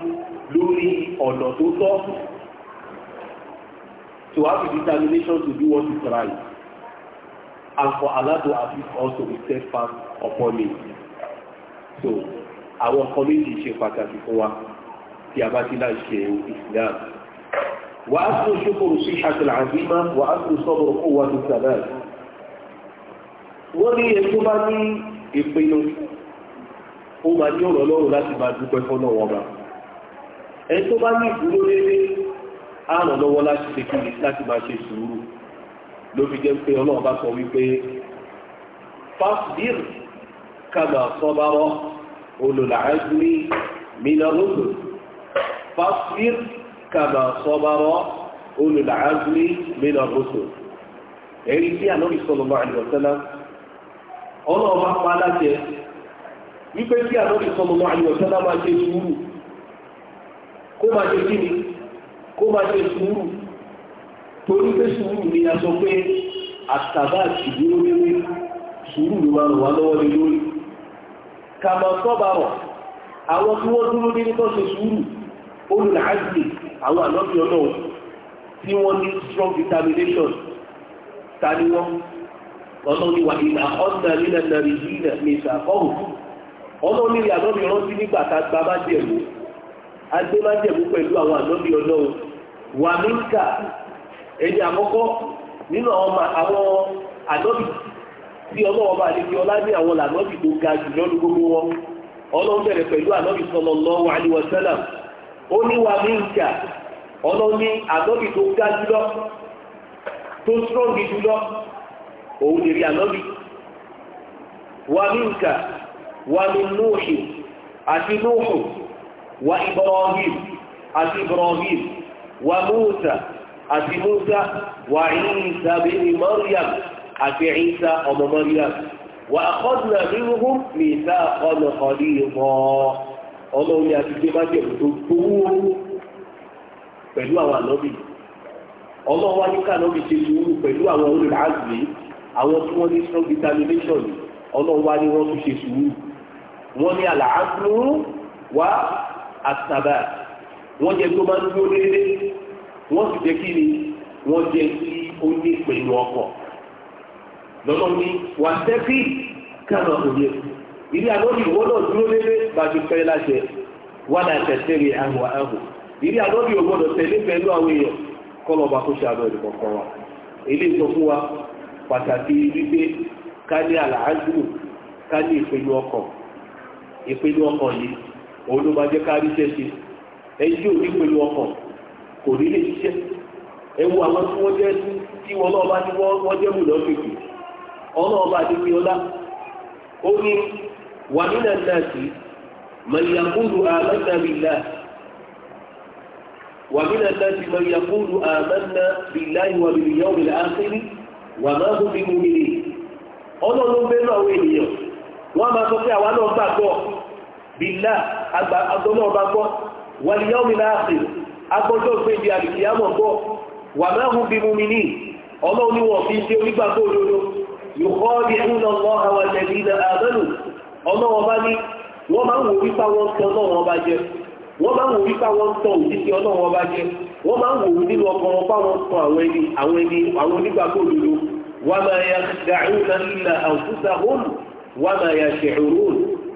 lórí ọ̀nà tó tọ́ to have the determination to do what is right and for Allah to assist us to be steadfast upon me. so àwọn kan méjì ṣe pàtàkì fún wa tí a bá ti láì ṣe Islam wà á tún ṣókòrò sí ṣàtìlà àzímá wà á tún sọ́bọ̀ kó wà ní sàdáà wọ́n ní ẹjọ́ bá ní ìpinnu ó máa ní ọ̀rọ̀ lọ́rùn láti máa dúpẹ́ fọ́nà wọn bá ẹni tó bá ní ìdúró lélé àrùn lọ́wọ́ láti ṣe kí láti máa ṣe sùúrù ló fi jẹ́ pé ọlọ́run bá sọ wípé fásitìr kàmà sọ́bárọ́ olùlàájúrí mìnàlódò fásitìr kàmà sọ́bárọ́ olùlàájúrí mìnàlódò ẹ̀rí tí ànábì sọ̀rọ̀ bá ọlọ́run bá pa aláṣẹ wípé kí àlọ́bì sọmọ máa yọ sọ́dá máa ṣe sùúrù kó máa ṣe kíni kó máa ṣe sùúrù torí pé sùúrù ni a sọ pé àtàbà ìdúró lórí sùúrù ló máa ràn wá lọ́wọ́ lé lórí kàmá sọ́ba rọ̀ àwọn tí wọ́n dúró dé nípa ṣe sùúrù olùlàájì àwọn àlọ́bì ọlọ́run tí wọ́n ní strong determination ta ni wọ́n ọlọ́run ni wà ní àkọ́ńtà nílẹ̀ nàìjíríà ní ìṣàkọ́hùn ọlọ́run ní ànábì rántí nígbà tá a gba májẹ̀mú a gbé pẹ̀lú àwọn ànábì ọlọ́run wà níkà ẹni àkọ́kọ́ nínú àwọn ànábì tí ọlọ́wọ́ bá lè fi ọlá ní àwọn ànábì tó ga jù lọ́nu gbogbo wọn ọlọ́run bẹ̀rẹ̀ pẹ̀lú ó ní wà tó ga jùlọ tó strong jùlọ òun lè rí wà ní núhì àti núhù wà ibrahim àti ibrahim wà múta àti múta wà ìsà bíi maryam àti ìsà ọmọ maryam wà àkọ́dùnà nínú mìta ọ̀nà ọ̀dí ìmọ̀ ọlọ́run àti gbé má jẹ̀mú tó gbówó pẹ̀lú àwọn ànábì ọlọ́run wá ní kànábì ṣe sùúrù pẹ̀lú àwọn olùràgbé àwọn tí wọ́n ní strong determination ọlọ́run wá ní wọ́n tún ṣe sùúrù wọ́n ní àlàáfíà wa àtàbà wọ́n jẹ tó máa ń dúró déédéé wọ́n sì jẹ́ kí ni wọ́n jẹ kí ó ní pẹ̀lú ọkọ̀ lọ́nà ni wà sẹ́kì kánà òye ilé àlọ́lì ìwọ náà dúró déédéé bá ti fẹ́ láṣẹ wà láì tẹ̀sẹ̀ rẹ̀ ahùn ahùn ilé àlọ́lì ìwọ náà tẹ̀lé pẹ̀lú àwọn èèyàn kọ́lọ̀ ọba kó ṣe àbẹ̀ òdìbò kan wa ilé ìsọ fún wa pàtàkì wípé ká ní àlàájú ká ní ìpinnu ọkọ̀ ìpinnu ọkàn yìí òun ló máa jẹ́ kárí iṣẹ́ ṣe ẹni ọkàn kò ní lè ṣiṣẹ́ ẹ àwọn tí wọ́n jẹ́ tí wọn náà bá ní wọ́n jẹ́ mùnà kìkì ọlọ́ọ̀bá àdìgbì ọlá ó ní wà nínà náà sí mẹ̀yàkúrú àmẹ́nà bìlá wà mẹ̀yàkúrú bìlá ìwà wà máa bú bí náà ènìyàn wọ́n máa sọ pé àwa náà gbàgbọ́ bílá agbọ́lọ́ọ̀bá gbọ́ wàlíyàwó láàfì agbọ́jọ́ gbé ibi àbìkìyàmọ̀ gbọ́ wà máa hù bí mumi ní ọlọ́run ni wọ́n fi ṣe onígbàgbọ́ òdodo yòkọ́ bí ẹ̀húnà wọn àwọn ẹ̀dẹ̀dẹ̀ àmẹ́lù ọlọ́wọ́n bá ní wọ́n máa ń wò wípa wọn tẹ ọlọ́wọ́n bá jẹ wọ́n máa ń wò wípa wọn tọ òjíṣẹ́ ọlọ́wọ́n bá jẹ wọ́n máa ń wò wí nínú ọkọ̀ wọn fáwọn tọ àwọn ẹni àwọn ẹni àwọn onígbàgbọ́ òdodo wà máa yà dàrú náà nílà àwùjọ wà máa yà ṣẹ̀rù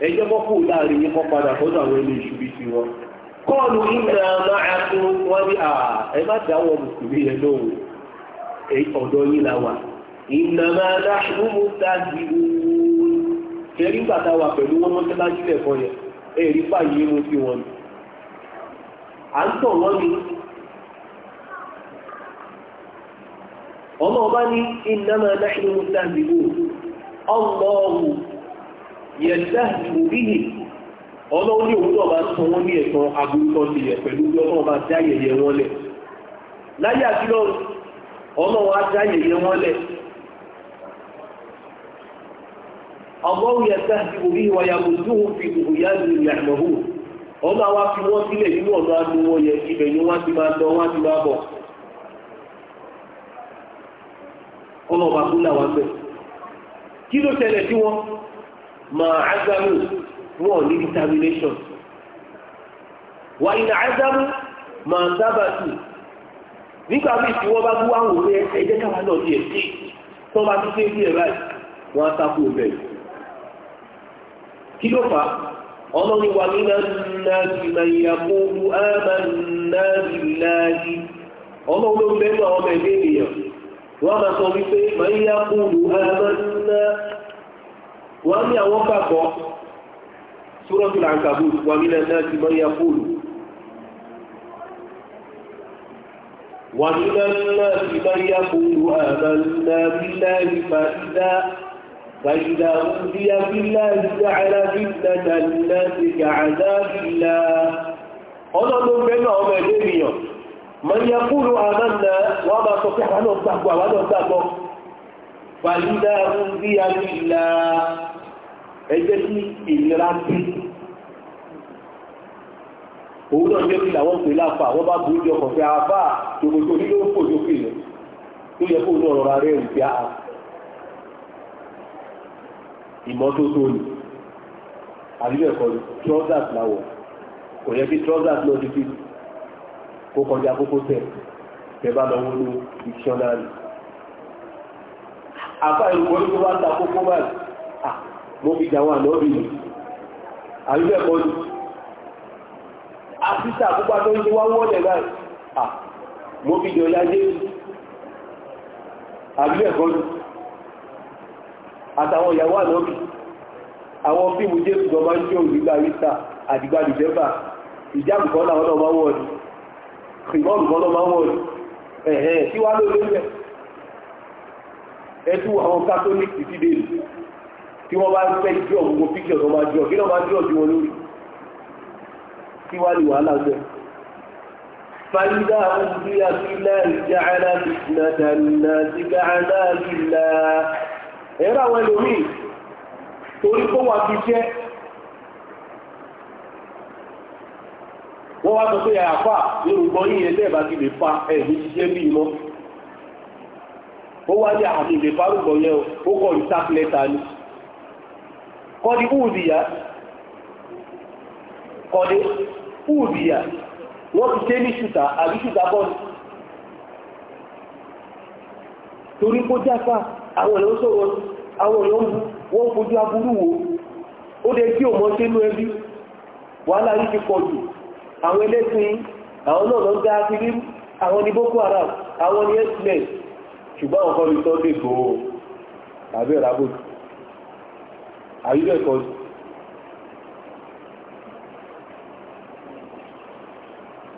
ẹjọ́ kọ́kù láàrin yín padà fọ́dọ̀ àwọn ilé ìṣubí ti wọn. kọ́ọ̀lù iná máa tó wọ́n ní à ẹ má dáwọ́ mùsùlùmí yẹn lóhùn ọ̀dọ́ yín la wà. iná máa dáhùn mú táàgì wúwú. kẹrí bàtà wà pẹ̀lú wọn mọ́sálásí lẹ́kọ̀ọ́ yẹn èrí fàyè à ń tọ̀ wọ́n ni ọmọ ọba ní máa dáhùn mú yẹ̀lẹ́hìn bíhì ọlọ́wọ́ ní òun ọba máa ń ní ẹ̀sán agbórúkọ ti yẹ̀ pẹ̀lú bí ọlọ́wọ́ máa dá wọn lẹ̀ láyé ọlọ́wọ́ á wọn lẹ̀ bíhì fi ìhòyà ní kí wọn ma azamu wọn ní determination wà ilẹ̀ ma máa sábàtì nígbà míì tí wọ́n bá bú àwọn òwe ẹ̀jẹ̀ káwa náà ti ẹ̀ tó bá ti ṣe sí ẹ̀ báyìí wọ́n á sáfù kí ló fà àmà wọ́n ní àwọn gbàgbọ́ Suratul Ankabut wa minan nasi man yaqulu wa minan nasi man yaqulu amanna billahi fàídá fàídá òdìyà billahi ja'ala fitnata lin-nasi ka'adhabillah ọlọ́dún bẹ́ẹ̀ náà ọmọ ẹ̀dẹ́ ènìyàn man yaqulu amanna wọ́n máa sọ pé àwọn gbàgbọ́ àwọn náà gbàgbọ́ fàídá òdìyà billahi ẹ jẹ́ kí ìlera sí òun náà jẹ́ kí làwọn pè láfa àwọn bá burú jọkọ̀ fẹ́ afá tòkòtò nílò ń fòjò pè lẹ̀ tó yẹ kó náà rọra rẹ̀ rù bíá ìmọ́tótó ni àbíbẹ̀kọ ni trousers láwọ̀ kò yẹ kí trousers náà ti fi kó kọjá kókó tẹ̀ tẹ̀ bá lọ wọnú dictionary afá ìrùkọ́ ní kó bá ta kókó báyìí mo fi jà wọn ànábì ni àríwẹ̀ kọ́ ni àtìsà púpá tó ń ti wá wọ́ọ̀lẹ̀ báyìí à mo fi jọ yájé àríwẹ̀ kọ́ ni àtàwọn ìyàwó ànábì àwọn fíìmù jésù gan máa ń jó nígbà ríta àdìgbà dìjẹ́bà ìjáàbù kan láwọn náà máa wọ̀ ni kìrìmọ́ọ̀lù kan náà máa wọ̀ ni ẹ̀hẹ́ tí wá lórí ẹ̀ ẹ̀tú àwọn kátólíkì ti dé tí wọ́n bá ń fẹ́ ìjọ gbogbo píkì tó máa jọ kí náà máa jọ ju wọn lórí kí wá ní wàhálà gbẹ. fàyídà àbúrú àti ìlàjà alábìsínàdà nàdìgà alábìlà ẹ̀rọ àwọn ẹlòmíì torí kó wà fi jẹ́ wọ́n wá sọ pé àfà nínú gbọ́n yìí ẹ̀dẹ́ bá ti lè fa ẹ̀mí ṣiṣẹ́ bí mọ́ ó wá ní àmì lè fa yẹn ó kọ̀ ní sáfìlẹ́ta ni kọ́dí úùdìyà kọ́dí úùdìyà wọ́n ti ṣe ní ṣùtà àbí ṣùtà bọ́ọ̀lù torí kó jáfà àwọn èèyàn sọ̀rọ̀ àwọn èèyàn wọ́n fojú aburú wo ó dé kí òmọ́ sínú ẹbí wàhálà yìí ti pọ̀ jù àwọn ẹlẹ́sìn àwọn náà lọ ń dá sí rírú àwọn ni Boko Haram àwọn ni xmen ṣùgbọ́n àwọn kan lè sọ dé gbòó tàbí ọ̀rá bòtù àyíbẹ̀kọ́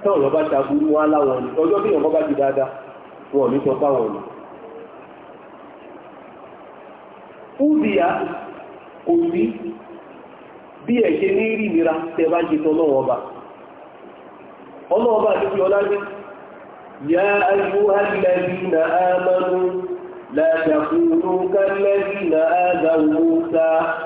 táwọn ọ̀nà bá ṣàbú wọn aláwọn ni ọjọ́ bí ọ̀nà bá ti dáadáa wọn ní sọ fáwọn ni. Fúdìyà kò sí bí ẹ̀ ní rí ìnira tẹ bá ya na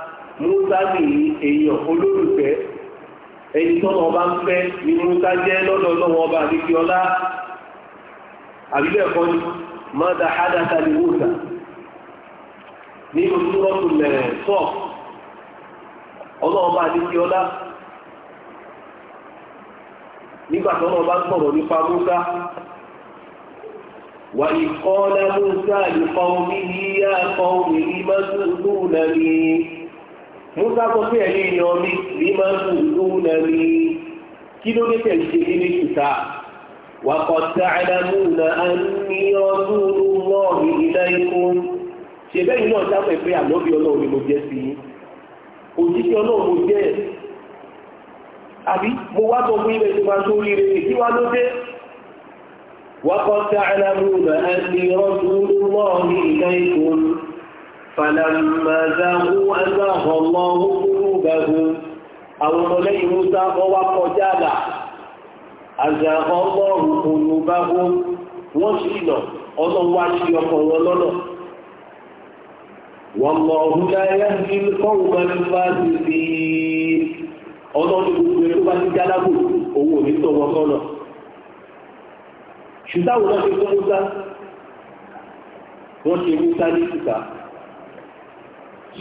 sáàmì èèyàn olólùfẹ́ ẹni tọ́nà ọba ń fẹ́ ni musa jẹ́ lọ́dọ̀ lọ́wọ́ ọba àdìkí ọlá àbílẹ̀ kan mọ́ta hádàtà ni musa nínú túrọ́tù mẹ́rẹ̀ sọ ọlọ́ọba àdìkí ọlá nígbà tọ́nà ọba ń sọ̀rọ̀ nípa musa وإذ قال موسى لقومه يا قوم لم تؤذونني musa sọ pé ẹ̀yin èèyàn mi ní máa ń kú lówó náà ní kí ló dé tẹ̀lé ṣe ní ṣùtà وقد تعلمون أني رسول الله إليكم ṣẹbẹ́ yìí náà sáfẹ́ pé ànábì ọlọ́run ni jẹ́ sí i òjíṣẹ́ ọlọ́run mo jẹ́ àbí mo wá sọ fún ilẹ̀ ìjọba tó ríre kí wá ló dé وقد تعلمون أني رسول الله إليكم fàlàmà zàwù azáhọ̀ mọ́ òkúrú bẹ̀rù àwọn ọmọlẹ́yìn musa ọwá kọjá àlà àzàhọ̀ mọ́ òkúrú bẹ̀rù wọ́n sì lọ ọlọ́wọ́ àti ọkọ̀ wọn lọ́nà wọ́n mọ̀ ọ̀hún láyé ní kọ́wù mẹ́rin bá ti di ọlọ́dún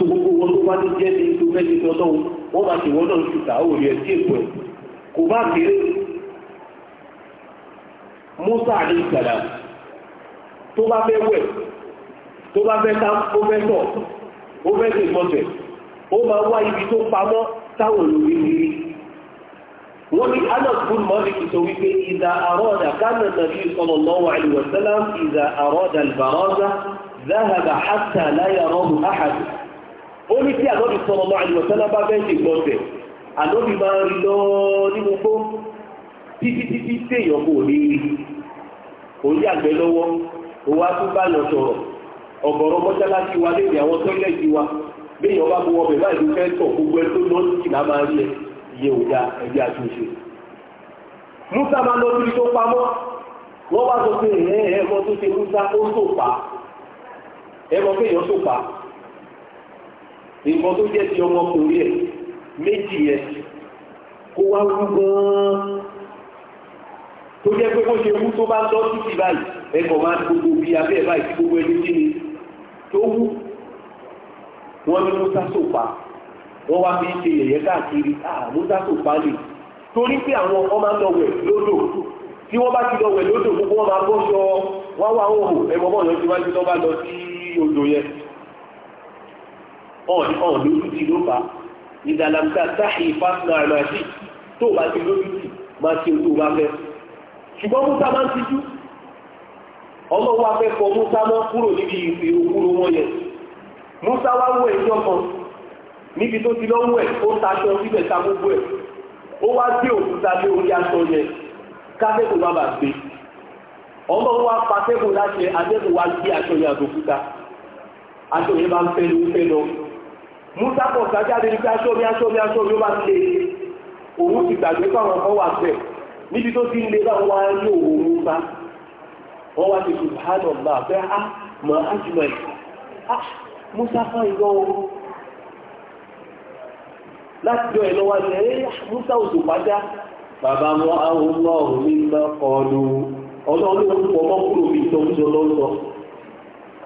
tó gbogbo wọn tó bá ní jẹ́ ní tó fẹ́ ní tọ́lọ́wọ́ wọ́n máa tẹ̀wọ́ náà ṣùtà ó rí ẹtí èkó ẹ̀ kò bá kéré Musa ní ìgbàlá tó bá fẹ́ wẹ̀ tó bá fẹ́ tán ó fẹ́ tọ̀ ó fẹ́ tẹ̀ mọ́tẹ̀ ó máa wá ibi tó pamọ́ táwọn olùrí rí wọ́n ní Anas bin Malik sọ wípé ìdá àrọ́dà kánà nàbí sallallahu alaihi wasallam ìdá àrọ́dà albaraza ذهب حتى لا يراه أحد ó ní tí àlọ́bì sọ̀rọ̀ lọ àlùmọ̀sánná bá bẹ́ẹ̀ ṣe gbọ́sẹ̀ àlọ́bì máa ń rí lọ nínú gbó títí títí téèyàn kò ní rí òun yàgbẹ́ lọ́wọ́ òun á tún bá yàn sọ̀rọ̀ ọ̀gọ̀rọ̀ mọ́ṣáláṣí wa lè rí àwọn tọ́lẹ̀tì wa béèyàn bá bu ọbẹ̀ báyìí fẹ́ tọ̀ gbogbo ẹ tó lọ́ọ́ sì náà máa rí ẹ iye ò ẹgbẹ́ àtúnṣe. Musa máa lọ síbi tó pamọ́ wọ́n bá sọ pé ẹ̀ẹ́ ẹ̀mọ́ tó ṣe Musa ó sòpa ẹ̀mọ́ pé èèyàn sòpa nǹkan tó jẹ́ ti ọmọkùnrin ẹ̀ méjì yẹn kó wá wú gan-an tó jẹ́ pé kó ṣe wú tó bá lọ títí báyìí ẹ̀kọ́ máa ń gbogbo bí abẹ́ ẹ̀ báyìí tí gbogbo ẹni tí ni tó wú wọ́n ní musa sopa wọ́n wá fi ṣe yẹ̀yẹ́ káàkiri ah musa sopa lè torí pé àwọn ọmọ máa ń lọ wẹ̀ lódò tí wọ́n bá ti lọ wẹ̀ lódò gbogbo wọn máa bọ́ṣọ wá wá òhò ẹ̀mọ́ bọ́ọ̀lù ti wá ti lọ́ bá lọ sí odò yẹn ọ̀ọ̀ni ọ̀ọ̀ni ojú ti ló fa ìdàlàmùsà táhì fásitì àrùn àti tó bá ti lójú tì máa ti ojú wa fẹ́ ṣùgbọ́n Musa máa ń tijú ọmọ wa fẹ́ fọ Musa máa kúrò níbi ìhòkúrò wọn yẹn Musa wá wọ ẹjọ́ kan níbi tó ti lọ́wọ́ ẹ̀ ó ta aṣọ síbẹ̀ ta gbogbo ẹ̀ ó wá gbé òkúta lé orí aṣọ yẹn káfẹ́kùn bá bà gbé ọmọ wa pa kẹ́kùn láṣẹ atẹ́kùn wa gbé aṣọ yẹn àtòkúta aṣọ yẹn bá ń fẹ́ ló ń fẹ́ lọ. musa kò sájáde ní pé aṣọ́mi aṣọ́mi aṣọ́mi ó bá ti lè òun ti gbàgbé fáwọn kan wà bẹ̀ níbi tó ti ń lé báwọn wá musa wọ́n wá ah, ah, ti eh, sùn ha a mọ̀ ha musa fún ìlọ ooo musa bàbá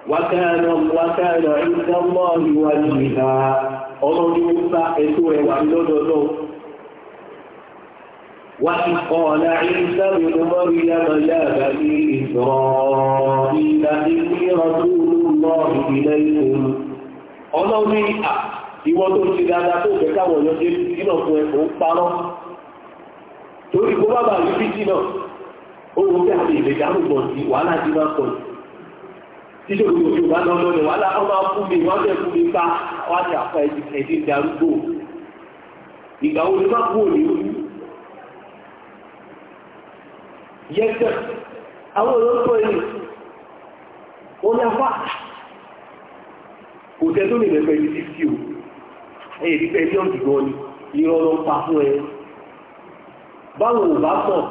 وكان وكان عند الله وجيها ọlọ́run ní musa ètò rẹ̀ wà lọ́dọọdọ́ wà ní ọ̀nà ìsáwì lọ́rí lábàlá àgbàdì ìsọ̀rọ̀ títò tó tó bá lọ́dọ̀ ni wàhálà wọn máa fún mi wọn bẹ̀ fún mi pa wọn àti àpá ẹni ẹni darúgbó ìgbà wo ni máa kú òní òní. yẹtẹ àwọn olóńtọ yìí ó ní afá kò tẹ tó lè lẹ pẹ̀lú fífi o ẹyẹ ti pẹ̀lú ọ̀dùn gan ni irọ́ ló ń pa fún ẹ báwo ò bá mọ̀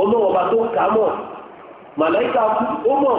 ọmọ ọba tó kà á mọ̀ màláìka ó mọ̀.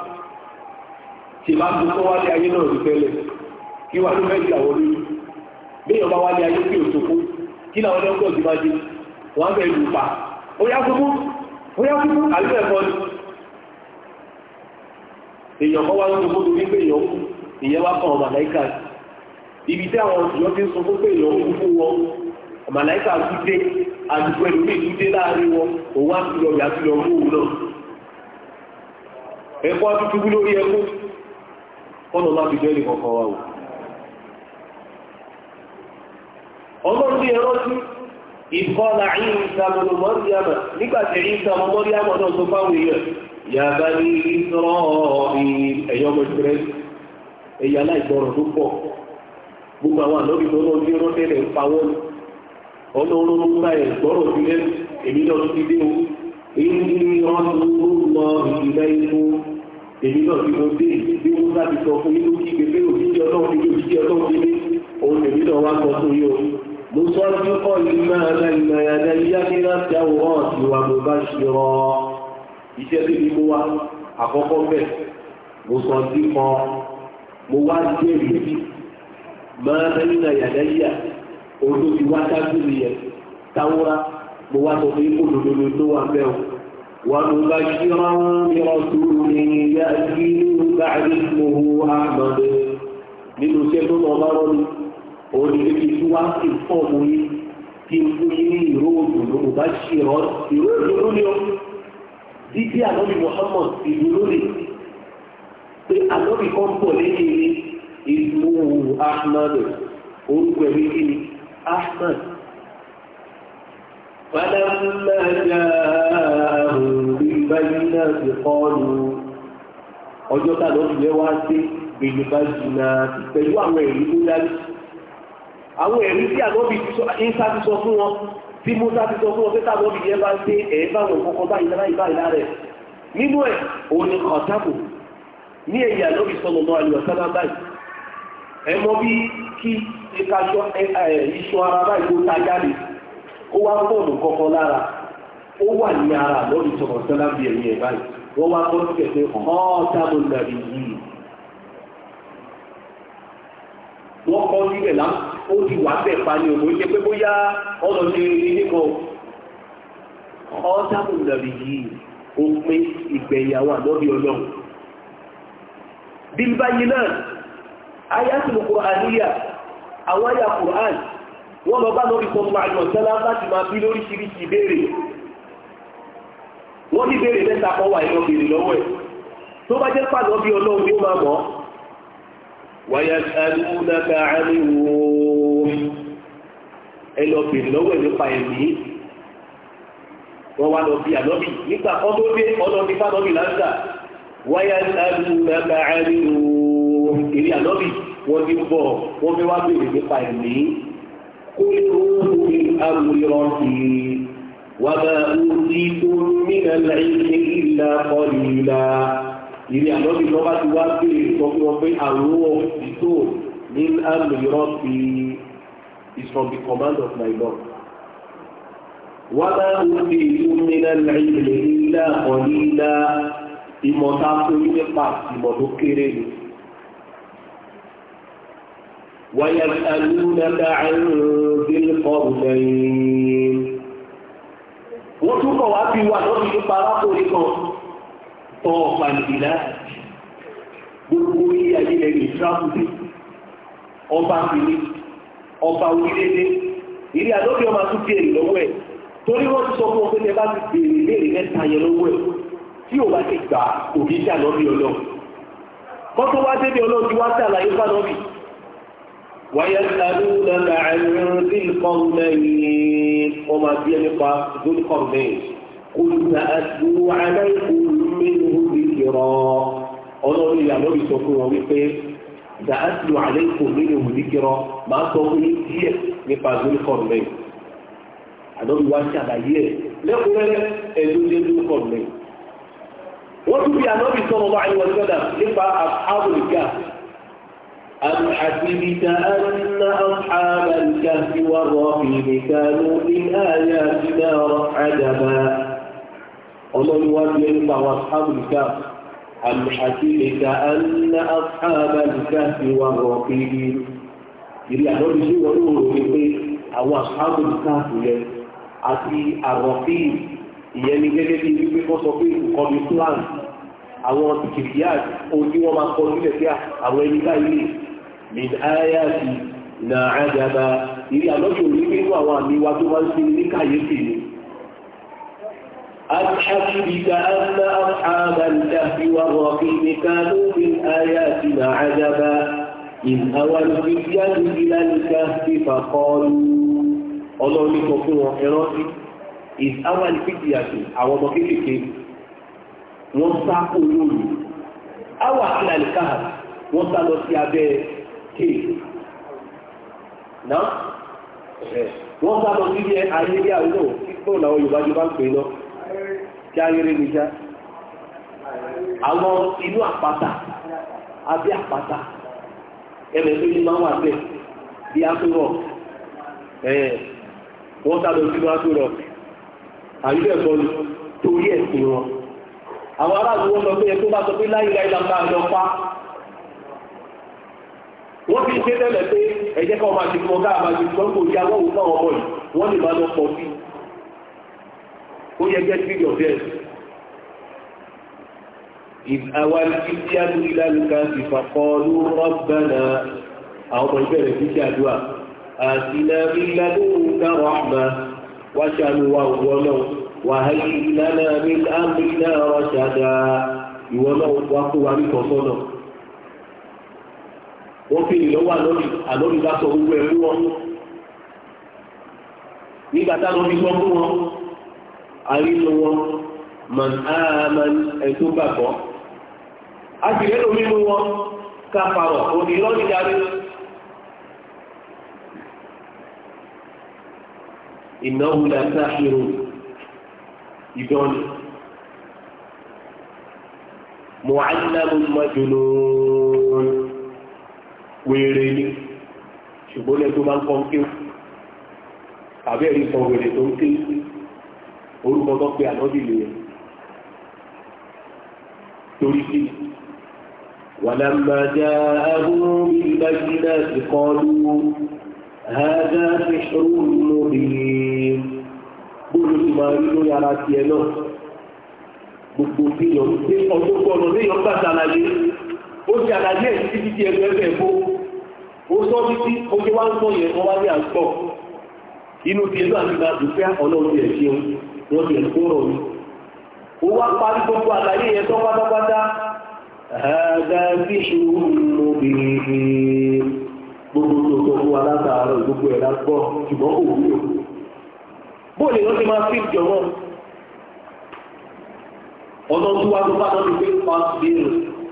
tí bá tó kọ́ wálé ayé náà rí tẹ́lẹ̀ kí wà ló mẹ́jì àwọn olóyún bí ìyọba wálé ayé kí òṣòfó kí làwọn ọlọ́gbọ̀n ti bá dé wọ́n á fẹ́ lù pa ó yá kúkú ó yá kúkú àlú ẹ̀kọ́ ni èèyàn kọ́ wá ló kó torí pé èèyàn kú ìyẹn wá kàn màláìkà ibi tí àwọn èèyàn ti ń sọ fún pé èèyàn kú fún wọn màláìkà kú dé àdúgbò ẹlòmíì kú dé láàrin wọn òun kọ́nà láti jẹ́ ìrìn kọ̀kọ́ wa ọlọ́run ní ẹ̀rọ sí ìfọ́lá ìrìnsà mọ̀nà mọ́ríàmà nígbàtí ìrìnsà mọ̀ mọ́ríàmà náà tó fáwọn èèyàn yàbá ní ìsọ́rọ̀ ẹ̀yọ́ ọmọ ìsirẹ́ ẹ̀yà aláìgbọràn tó pọ̀ gbogbo àwọn àlọ́bí tó lọ sí rọ́tẹ́lẹ̀ ń pa wọ́n ọlọ́run ló ń bá ẹ̀ gbọ́rọ̀ sílẹ̀ èmi náà ti dé o èyí èmi náà tí mo dé bí wọ́n bá ti sọ fún mi ló kígbe pé òjíṣẹ́ ọlọ́run ní òjíṣẹ́ ọlọ́run ní òun èmi náà wá sọ fún yóò mo sọ ọdún kọ́ ìlú máa ń lẹ́yìn náà yàrá yíyá kí láti àwòrán ti wà mo bá ṣe rọ iṣẹ́ tí mi mú wa àkọ́kọ́ bẹ̀ mo sọ ọdún kan mo wá jẹ́rìí máa ń lẹ́yìn náà yàrá yíyá olóbi wá sáájú mi yẹ táwọn mo wá sọ fún yín kó lòlòlò tó wà mẹ́wọ̀n. ومبشرا برسول يأتي من بعد اسمه أحمد nínú iṣẹ́ tó lọ lọ́rọ́ ni òun ni kí tí wá sí fọ́ọ̀mù yìí kí n fún yín ní ìró òdòdó mo bá ṣe rọ ìró òdòdó ni ó dídí àlọ́bì Muhammad ìlú lónìí pé àlọ́bì kan pọ̀ lẹ́yìn ìlú Ahmad orúkọ ẹ̀mí kí ni Ahmad فلما جاءهم ya قالوا ọjọ́ tá ló fi wá sí ìjọba jìnnà pẹ̀lú àwọn ẹ̀rí tó dájú àwọn ẹ̀rí tí àlọ́bì ìsá ti sọ fún wọn tí ti sọ fún wọn pé táwọn ìyẹn bá ń bá wọn kọ́kọ́ báyìí ìbá ìlà rẹ̀ nínú ẹ̀ òun ni ní àlọ́bì sọ̀nà náà báyìí bí kí ó wá bọ́ọ̀lù kọ́kọ́ lára ó wà ní ara lórí sọ̀rọ̀ bí ẹ̀yìn ẹ̀ báyìí wọ́n wá bọ́ sí kẹ̀kẹ́ ọ́ọ́tàbù yìí wọ́n kọ́ níbẹ̀ lá ó ti wà bẹ̀ pa ní òun ṣe pé bóyá ọ̀nà ṣe ilé kan ọ́ọ́tàbù nàbì yìí ó pé ìgbẹ̀yàwó àlọ́bí ọlọ́run bí báyìí náà àwọn wọ́n lọ bá lórí sọ́mọ àlùmọ̀tẹ́lá láti máa bí lóríṣiríṣi ìbéèrè wọ́n ní ìbéèrè mẹ́ta kan wà ìlọ béèrè lọ́wọ́ ẹ̀ tó bá jẹ́ pàdán bí ọlọ́run yóò máa mọ̀ wáyà alúnaka àríwó ẹ lọ béèrè lọ́wọ́ ẹ̀ nípa ẹ̀mí wọ́n wá lọ bí àlọ́bì nígbà kan tó dé ọlọ́bí fánọ́bì láńsà wáyà alúnaka àríwó èrè àlọ́bì wọ́n ti ń bọ̀ wọ́n fi wá béèrè nípa ẹ̀mí. قل كونوا بالأمر رشيد وما أوتيتم من العلم إلا قليلا ìrì àlọ́bí lọ́ bá ti wá béèrè sọ fún wọn ní àmì rọ́ọ̀tì tó kéré ni. ويسألونك عن ذي القرنين wọ́n tún kọ̀ wá bí wà lọ́dún tó para kó ní kan tọ́ pàǹdìlá gbogbo ilé ayé lẹ́yìn tíráfùdé ọba fìlí ọba orílẹ̀-èdè ilé àlọ́bí ọmọ tún béèrè lọ́wọ́ ẹ̀ torí wọ́n ti sọ fún ọ ẹ bá ti béèrè léèrè mẹ́ta yẹn lọ́wọ́ ẹ̀ tí ò bá ti gbà òbí jà lọ́bí ọlọ́run kọ́tọ́ wá débi ọlọ́run ti wá sàlàyé fáwọn ọ̀bì ويسألونك عن ذي القرنين وما بيلقى ذو القرنين قل سأتلو عليكم منه ذكرا ọlọ́run ìyàwó mi sọ fún wọn wípé sàátìlú àlékún nínú ìdíkìrọ máa sọ fún yín díẹ̀ nípa zulukọ̀ọ̀mẹ́ àdọ́bí wá ṣàlàyé ẹ̀ lẹ́kùnrẹ́rẹ́ ẹ̀dùn dé zulukọ̀ọ̀mẹ́ wọ́n tún bí àdọ́bí sọ̀rọ̀ bá àyẹ̀wò sọ́dà nípa àbùrìkà أم حسبت أن أصحاب الكهف والرحيم كانوا من آياتنا عجبا ومن وجه وأصحاب الكهف أم حسبت أن أصحاب الكهف والرحيم إلا نرجو ونور أو أصحاب الكهف àti الرحيم ìyẹn ni gẹ́gẹ́ bí wípé kọ́ sọ pé kọ́mi plan àwọn kìkìyà ojú wọn máa min ayati na ajaba ìrí àlọ́jọ́ orí nínú àwọn àmì wa tó wọ́n sí ní kàyéfì ni أَحَسِبْتَ أَنَّ أَصْحَابَ الْكَهْفِ وَالرَّقِيمِ كَانُوا مِنْ آيَاتِنَا عَجَبًا إِذْ أَوَى الْفِتْيَةُ إِلَى الْكَهْفِ فَقَالُوا fún wọn awa àwọn ọmọ wọ́n sá kéèké náà wọ́n sábọ̀ sí ilé ayélujá náà kíkọ́ làwọn Yorùbá ti bá ń pè lọ kí ayére mi já àwọn inú àpáta abẹ́ àpáta ẹ̀rẹ̀ tó ní máa wà bẹ́ẹ̀ bí wọ́n sábọ̀ sí tó wọ́n ti ṣe tẹ́lẹ̀ pé ẹ̀jẹ̀ kan máa ti fọ́ ká máa ti fọ́ kò yá wọ́wọ́ fáwọn ọmọ yìí wọ́n lè máa lọ pọ̀ sí ó yẹ jẹ́ sí ìjọ̀dẹ́ àwọn ìdí àdúrà lùkà ti fàkọlù rọ́bànà àwọn ọmọ ìbẹ̀rẹ̀ fi ṣe àdúrà àti nàbí ládùúgbà rọ̀hmà wáṣàlù wa òwò náà wàhálì ìlànà mi láàmì náà rọ̀ṣàdà ìwọ náà wá kó wa ní kọ̀ọ̀kan òkè ìlọ́wọ́ àlọ́bì àlọ́bì bá sọ gbogbo ẹ̀rú wọn nígbà táwọn fi gbọ́ fún wọn àrínú wọn man áàmán ẹ̀tọ́ gbàgbọ́ a sì rẹ́ lómi mú wọn kápárọ̀ òní lọ́nì darí ìnáwó làtà irun ìdọ́ni mọ̀ánàmù májòlóòrùn wèrè ni ṣùgbọ́n lẹ́yìn tó bá ń kọ́ ń kéwù tàbí ẹ̀rí kan wèrè tó ń kéwù orúkọ tó pe ànábì nìyẹn torí sí wàlámà já ahúrú ìgbà jìnnà sí kọlu hàdá fi ṣòro lórí bóòlù tó máa rí lórí ara tiẹ̀ náà gbogbo tí yọ pé ọdún gbọ́dọ̀ ní yọ gbàdá láyé ó ṣe àlàyé ẹ̀ títí tí ẹgbẹ́ ẹgbẹ́ ẹ̀kọ́ ó sọ títí ó ṣe wá ń sọ yẹn wọ́n wá ní àgbọ̀ inú ti ẹjọ́ àti ìgbàdùn fẹ́ ọlọ́run ẹ̀ ṣeun wọ́n ti ẹ̀kọ́ rọ̀ mi ó wá parí gbogbo àlàyé yẹn tó pátápátá gbogbo tó tó fún alátàárọ̀ gbogbo ẹ̀dá gbọ́ ṣùgbọ́n kò wúlò bóòlù ló ti máa fi jọ̀wọ́ ọ̀nà tó wá tó bá tó ti gbé pa sí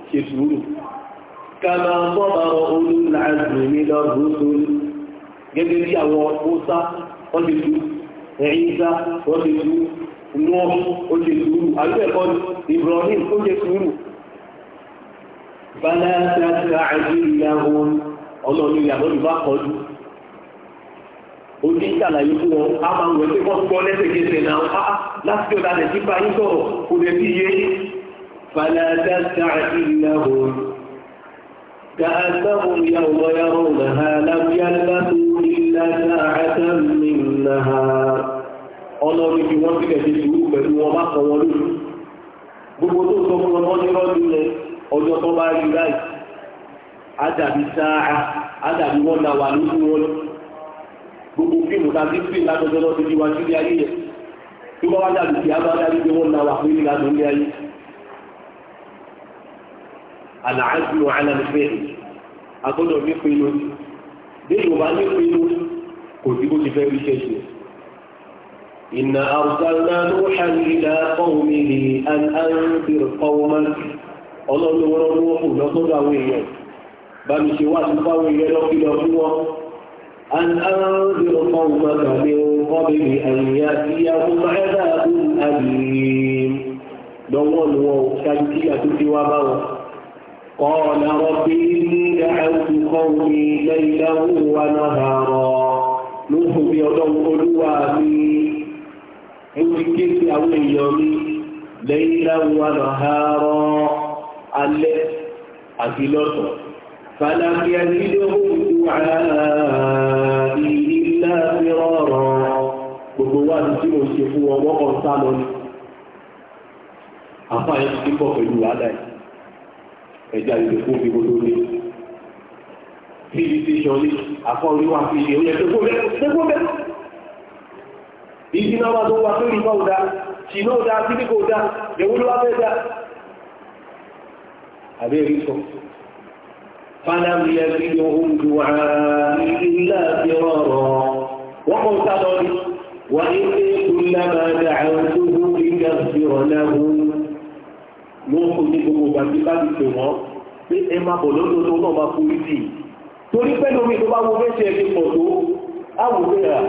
ṣe sùúrù kàmà sọ́bàrọ̀ olùlàzùn ní lọ́rùn sórí gẹ́gẹ́ bí àwọn ọ̀sá ọdìtú ẹ̀yíṣà ọdìtú nuwa ọdìtú alẹ́kọ́ Ibrahim ọdìtú bala tàbí àjíríyàwó ọlọ́run ìyàwó ìbá kọjú ojú ìṣàlàyé fún wọn a máa wẹ̀ pé wọ́n gbọ́ كأنهم يوم يرونها لم يلبثوا إلا ساعة من نهار ọlọ́run ti wọ́n sílẹ̀ ti sùúrù pẹ̀lú wọn bá kọ̀ gbogbo tó sọ fún ọmọ ní ọjọ́ tó bá rí láì sáà wọn là wà lójú wọn gbogbo fíìmù tá a ti pè látọjọ́ lọ́sí ti wá Gbogbo ayé tó bá wọn pé ní ayé àlàájú alálẹ́fẹ́ agbọ́dọ̀ ní pinnu bí yóò bá ní pinnu kò sí bó ti fẹ́ rí ṣẹ́ṣe إن أرسلنا نوحا إلى قومه أن أنذر قومك ọlọ́run wọ́n mú òkú lọ́sọ́dọ̀ àwọn èèyàn bá mi ṣe wá nípa àwọn èèyàn lọ́kìlọ̀ fún wọn aláàrùn ọmọ ọmọdé ní ọkọ̀bìnrin àyíyá tí a kó máa dáa fún àyíyìn lọ́wọ́ lọ́wọ́ ṣáájú tí a tó ti wá bá wọn قال رب إني دعوت قومي ليلا ونهارا lóòfò bí ọlọ́run olúwa mi ó ti ké sí àwọn èèyàn mi lẹ́yìn láwọn àlọ́hárọ́ alẹ́ àti lọ́sọ̀ fàlàkì àdílé òkú àárí ilá rírọ̀rọ̀ gbogbo wa ti tí mo ẹja ìlú fún ìbò tó ní bíbí ti ṣọlí àkọríwá fi ṣe oúnjẹ tó gbọ́bẹ̀ ìdí náà wà tó wà tó ìrìnbá ò dá náà dá sí kíkò dá ẹ̀wú ló wá fẹ́ dá àbẹ́rí sọ fánàmì ẹbí ohun ju ilá ti rọrọ wọ́n kọ́ sálọ́ọ̀lì wà ní ilé kúlẹ̀ àwọn tó kú ìgbà sí ọ̀nà ló ń kó ní gbogbo ìgbà tí bá ti pè wọ́n pé ẹ máa bọ̀ lọ́dún tó náà máa forí sí i torí pẹ́lú mi tó bá wo fẹ́ ṣe pọ̀ tó àwòrán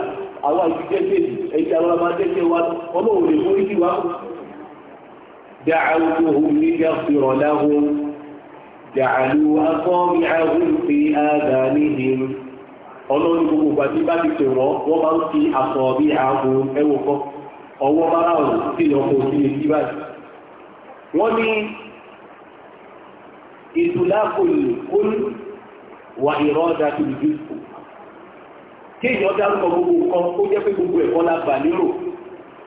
àwọn ìṣiṣẹ́ kejì ẹ̀jẹ̀ àwọn amáṣẹ́ṣẹ́ wa ọmọ òde forí sí wa. ọlọ́run gbogbo ìgbà ti tò wọ́n wọ́n máa ń fi wọ́n ní ìtùlákò ìkólú wà ìrọ́dà tó lè kí kéèyàn dárúkọ gbogbo nǹkan ó jẹ́ pé gbogbo ẹ̀kọ́ la bà lérò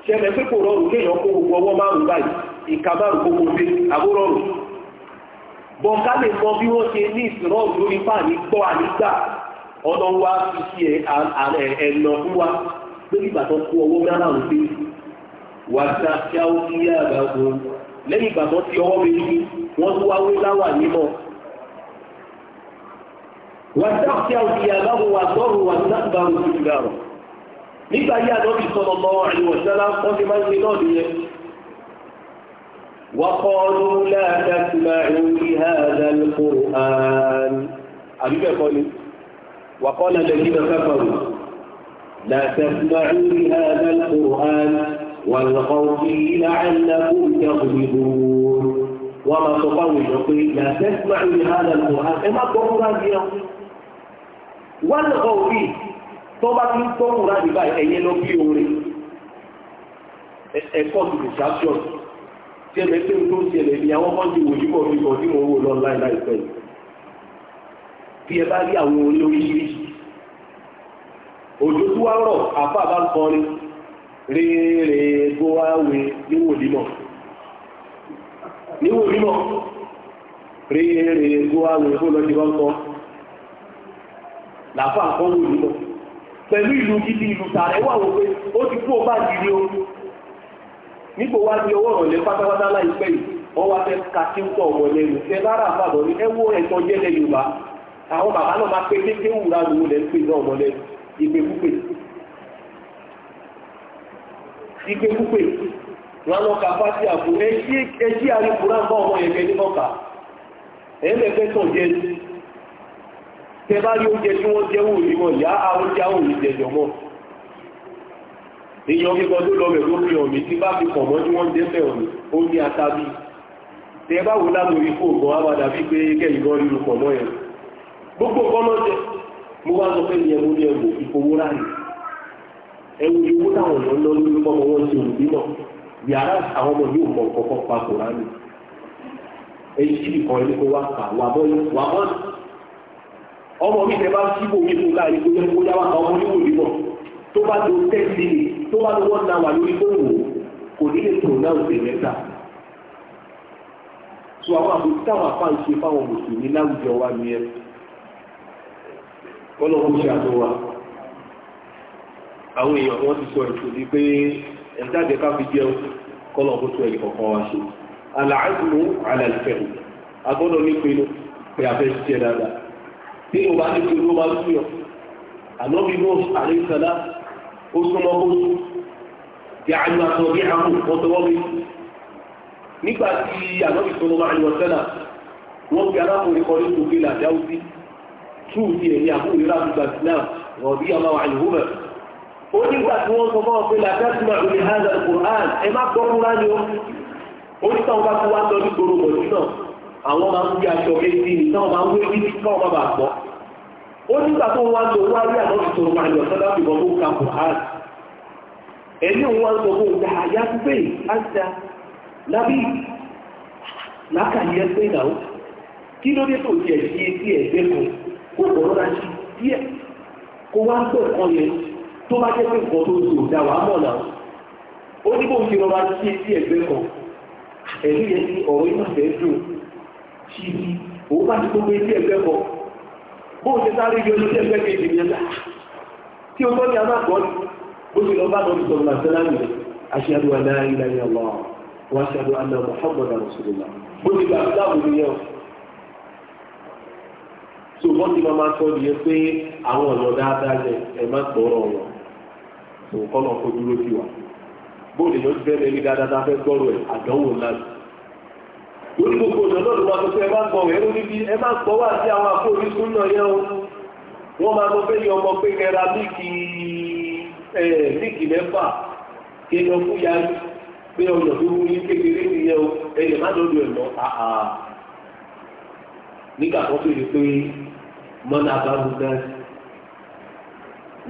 ṣẹlẹ̀ pé kò rọrùn kéèyàn kó gbogbo ọwọ́ márùn-ún báyìí ìka márùn gbogbo àbúrọ̀rùn lè mọ bí wọ́n ṣe ní lórí gbọ́ ọ̀nà wa fi lẹ́yìn ìgbà tó ti ọwọ́ méjì wọ́n tún wá wé láwà nímọ̀ wàtàkìá òkìyàbáwò wà tọ́rù wà sábàrù ìgbàrù nígbà yí àdọ́bì sọ̀rọ̀ lọ àìwọ̀sẹ́lá wọ́n ti máa ń gbé náà nìyẹn wàkọ́ọ̀lù látàkìmá ìwúrí hàdà lùkùrán àbíbẹ̀kọ́ ni wàkọ́ọ̀lù lẹ́yìn náà sábàrù látàkìmá ìwúrí hàdà lùkùrán والقول لعلكم تغلبون وما تقول يقول لا تسمع لهذا القرآن إما قرآن بيا والقول tọ́ba tí ń tọ́kùn láti báyìí ẹ̀yẹ lọ bí orin ẹ̀kọ́ ti distraction tí ẹ̀mẹ́ tí ó tó ń ṣẹlẹ̀ ní àwọn mọ́ndì òjúbọ̀ fi tí wọ́n wò lọ láì láìpẹ́ bí ẹ bá rí àwọn orin òjò tó wá rọ̀ àfáà bá ń kọrin rere gbówáwe níwòlímọ̀ níwòlímọ̀ rere gbówáwe fólọ́dí ọkọ̀ làfà nǹkan wòlímọ̀ pẹ̀lú ìlú gidi ìlú tààrẹ wà wọ́n pé ó ti kú ọba gidi o nígbò wá ní ọwọ́ ọ̀rọ̀lẹ́ pátápátá láìpẹ́ yìí wọ́n wá fẹ́ sí ń ọmọ lẹ́nu ike púpè wọn lọ ka fásitì àpò ẹjí àríkùrá ń bá ọmọ yẹn kẹ́ni mọ́ka ẹ̀yẹ́ mẹ́fẹ́ tàn jẹ́ ní tẹ bá rí oúnjẹ tí wọ́n jẹ́ wò ní wọn yá àwọn oúnjẹ àwọn òní jẹjọ mọ́ èèyàn kíkan tó lọ bẹ̀rù omi ọ̀mí tí bá fi kàn mọ́ tí wọ́n jẹ́ gbogbo nǹkan náà wá sọ pé ní ẹ̀wò ìfowó ráàyè ẹ̀yìn ikú táwọn èèyàn ndọrọ ndọrọ fọ́mọ wọn ṣe òbí náà yàrá àwọn ọmọ yóò mọ kọ́kọ́ pa kòránì ẹ̀yìn tí ẹni kó wá kà wà bọ́ wà ọmọ mi tẹ bá síbò mi fún tó yẹ kó yá wà yóò tó bá lo ni tó bá lo náà wà lórí wa ni àwọn èèyàn wọ́n ti sọ ètò ní pé ẹ̀dáàbẹ̀ ká fi jẹun kọ́lọ̀ kó tó ẹ̀yìn kọ̀ọ̀kan wá ṣe àlàáìmù àlàìfẹ̀rù agbọ́dọ̀ ní pinnu pé afẹ́ ṣiṣẹ́ dáadáa bí o bá ní pé o máa ń fi hàn àmọ́ bí mo àrí sọlá ó súnmọ́ kó tó ti àjọ àtọ̀ bí àmú wọn tọwọ́ mi nígbà tí ànábì sọlọ máa ń lọ sẹ́là wọ́n fi arákùnrin kan ní kòkè làdáwùsí túù ti ẹ̀yìn àbúrò ó nígbà tí wọ́n sọ fọ́ pé làtẹ́sìmọ̀ ìlú hàn kùrán ẹ má gbọ́ kúrán ni ó ó ní sọ̀rọ̀ bá ti wá lọ ní gbòòrò bọ̀ nínú àwọn máa ń fi aṣọ méjì ní náà máa ń wé ní káwọn tó wá lọ wá rí àwọn ìṣòro sọ́dá ka kùrán ẹni òun wá ń sọ fún òun lábí tó bá jẹ́ pé nǹkan tó ṣe òdà wàá mọ̀ náà ó ní bóun ṣe lọ́ba sí etí ẹgbẹ́ kan ẹ̀rí yẹn ti ọ̀rọ̀ inú ìfẹ́ dùn ṣí i òun bá ti gbogbo etí ẹgbẹ́ kan bóun ṣe sáré yọ etí ẹgbẹ́ kejì yẹn lá tí o tọ́ ní amákọ́ ni bó ṣe lọ́ba lọ sí sọ̀rọ̀ àṣẹ láàmì aṣáájú àná ilẹ̀ yẹn lọ wọ́n aṣáájú àná Muhammad rasulullah bó ṣe gbà láwùjọ yẹn sọ òkọ́nà kó dúró sí wa bóòlù yóò fẹ́ lẹ́ni dáadáa fẹ́ gbọ́rọ̀ ẹ̀ àdánwò láti lórí gbogbo ọ̀nà náà ló máa sọ pé ẹ máa ń gbọ̀wẹ̀ lórí bí ẹ máa ń gbọ́ wà sí àwọn àkóòrí sún náà yẹn o wọ́n máa sọ pé ọmọ pé kẹra míìkì míìkì mẹ́fà kí ẹyọ fún ya pé ọ̀nà tó wú ní kékeré nìyẹn o ẹyẹ má lọ́dọ̀ ẹ̀ lọ àhà nígbà kan tó yẹ pé mọ́nà àbámu náà sí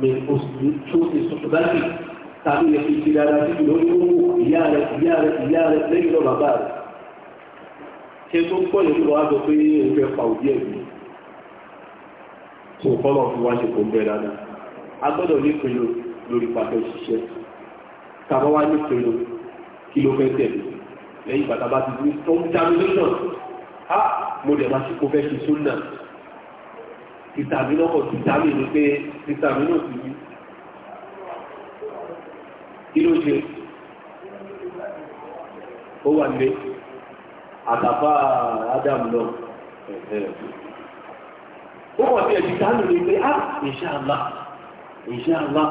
من أسلوب استقبالي تعمل في تلالاتي لولو ìyáàrẹ̀ ìyáàrẹ̀ ìyáàrẹ̀ lẹ́yìn lọ́nà bá rẹ̀ ṣe tó pọ̀ yẹn tó wá sọ pé ó fẹ́ pa òbí ẹ̀ mi tó kọ́lọ̀ fún wa ṣe kò ń bẹ dáadáa a gbọ́dọ̀ nípinnu lórí pàtó ṣiṣẹ́ tàbá wá nípinnu kí ló fẹ́ tẹ̀lé lẹ́yìn bàtà bá ti dúró tó ń dá lọ́nà á mo máa ṣe kó fẹ́ ṣe sún títàmí lọ́kọ̀ títàmí ní pé títàmí náà ti rí kí ló ṣe ó wà lé àtàfà Adam lọ ó wà bí ẹ̀jì tánù ní pé ah inshallah inshallah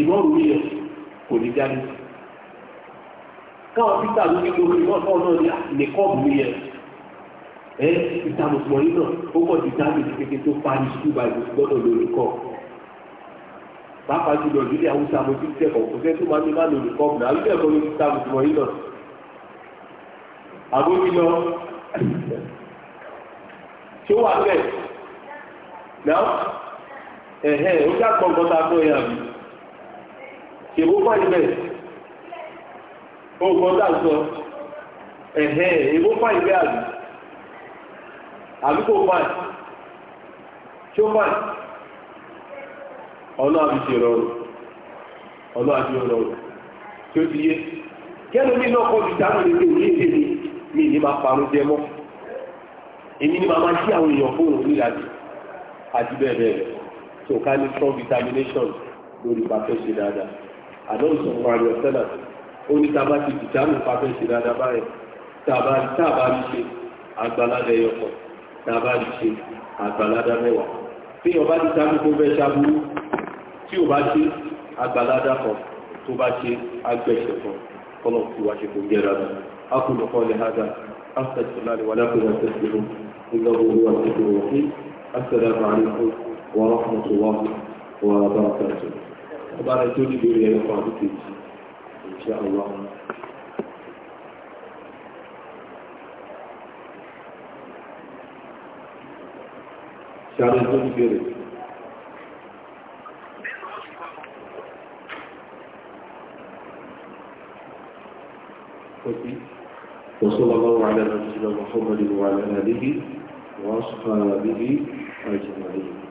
ìmọ̀rù rí ẹ̀ kò ní dání káwọn títàmí ní gbogbo ìmọ̀ náà ní ah, kọ́ọ̀bù rí ẹ eh, ìtàmùsùmọ̀ yìí náà ó pọ̀ ju táàmì ní kékeré tó parí sùkúù báyìí gbọ́dọ̀ lórúkọ pàápàá jùlọ ìdílé haúsá mo ti ń kẹ́kọ̀ọ́ kò fẹ́ tó máa ní má lòlù kọ́ ọ̀gbìn àbí bẹ́ẹ̀ kọ́ ló ti ta àbùsùmọ̀ yìí náà àbómi lọ tí ó wà bẹ́ẹ̀ náà ẹ̀hẹ́ ó já gbọ́n kan tá a tọ́ yàrá mi èwo fà yìí bẹ́ẹ̀ ó gbọ́n tá a sọ ẹ̀hẹ́ èwo fà yìí bẹ́ẹ̀ àbí. àdúgbò fine ṣó fine ọlọ́ àbí ṣe rọrùn ọlọ́ àbí rọrùn tí ó ti yé kẹ́nu mi náà kọ́ ìdáhùn lè tèmi lè tèmi mi ní máa parun jẹ mọ́ èmi ni màá máa ṣí àwọn èèyàn fún òun nílàjì àti bẹ́ẹ̀ bẹ́ẹ̀ tó ká ní strong determination lórí pàfẹ́ ṣe dáadáa ó ní tá a bá ti tàbá lè ṣe àgbàládá mẹ́wàá tí ọba ti sáàmù tó fẹ́ sáàmù tí ò bá ṣe àgbàládá kan tó bá ṣe agbẹ̀ṣẹ̀ kan kọ́lọ̀ tí wá ṣe kò gẹ́ra lọ akùnà kan lè hádà asàtìláàrí wà lápẹ̀rẹ̀ tẹ̀sílù nígbà gbogbo wà sí ìwọ̀n sí asàlámù àríkún wà rọ́pùtù wà wà bá ọ̀tà tó ọba rẹ̀ tó dìbò rẹ̀ ẹ̀kọ́ àdúgbò ìṣẹ́ àwọn sáré tó ní bèrè. وصلى الله على نبينا محمد وعلى اله واصحابه اجمعين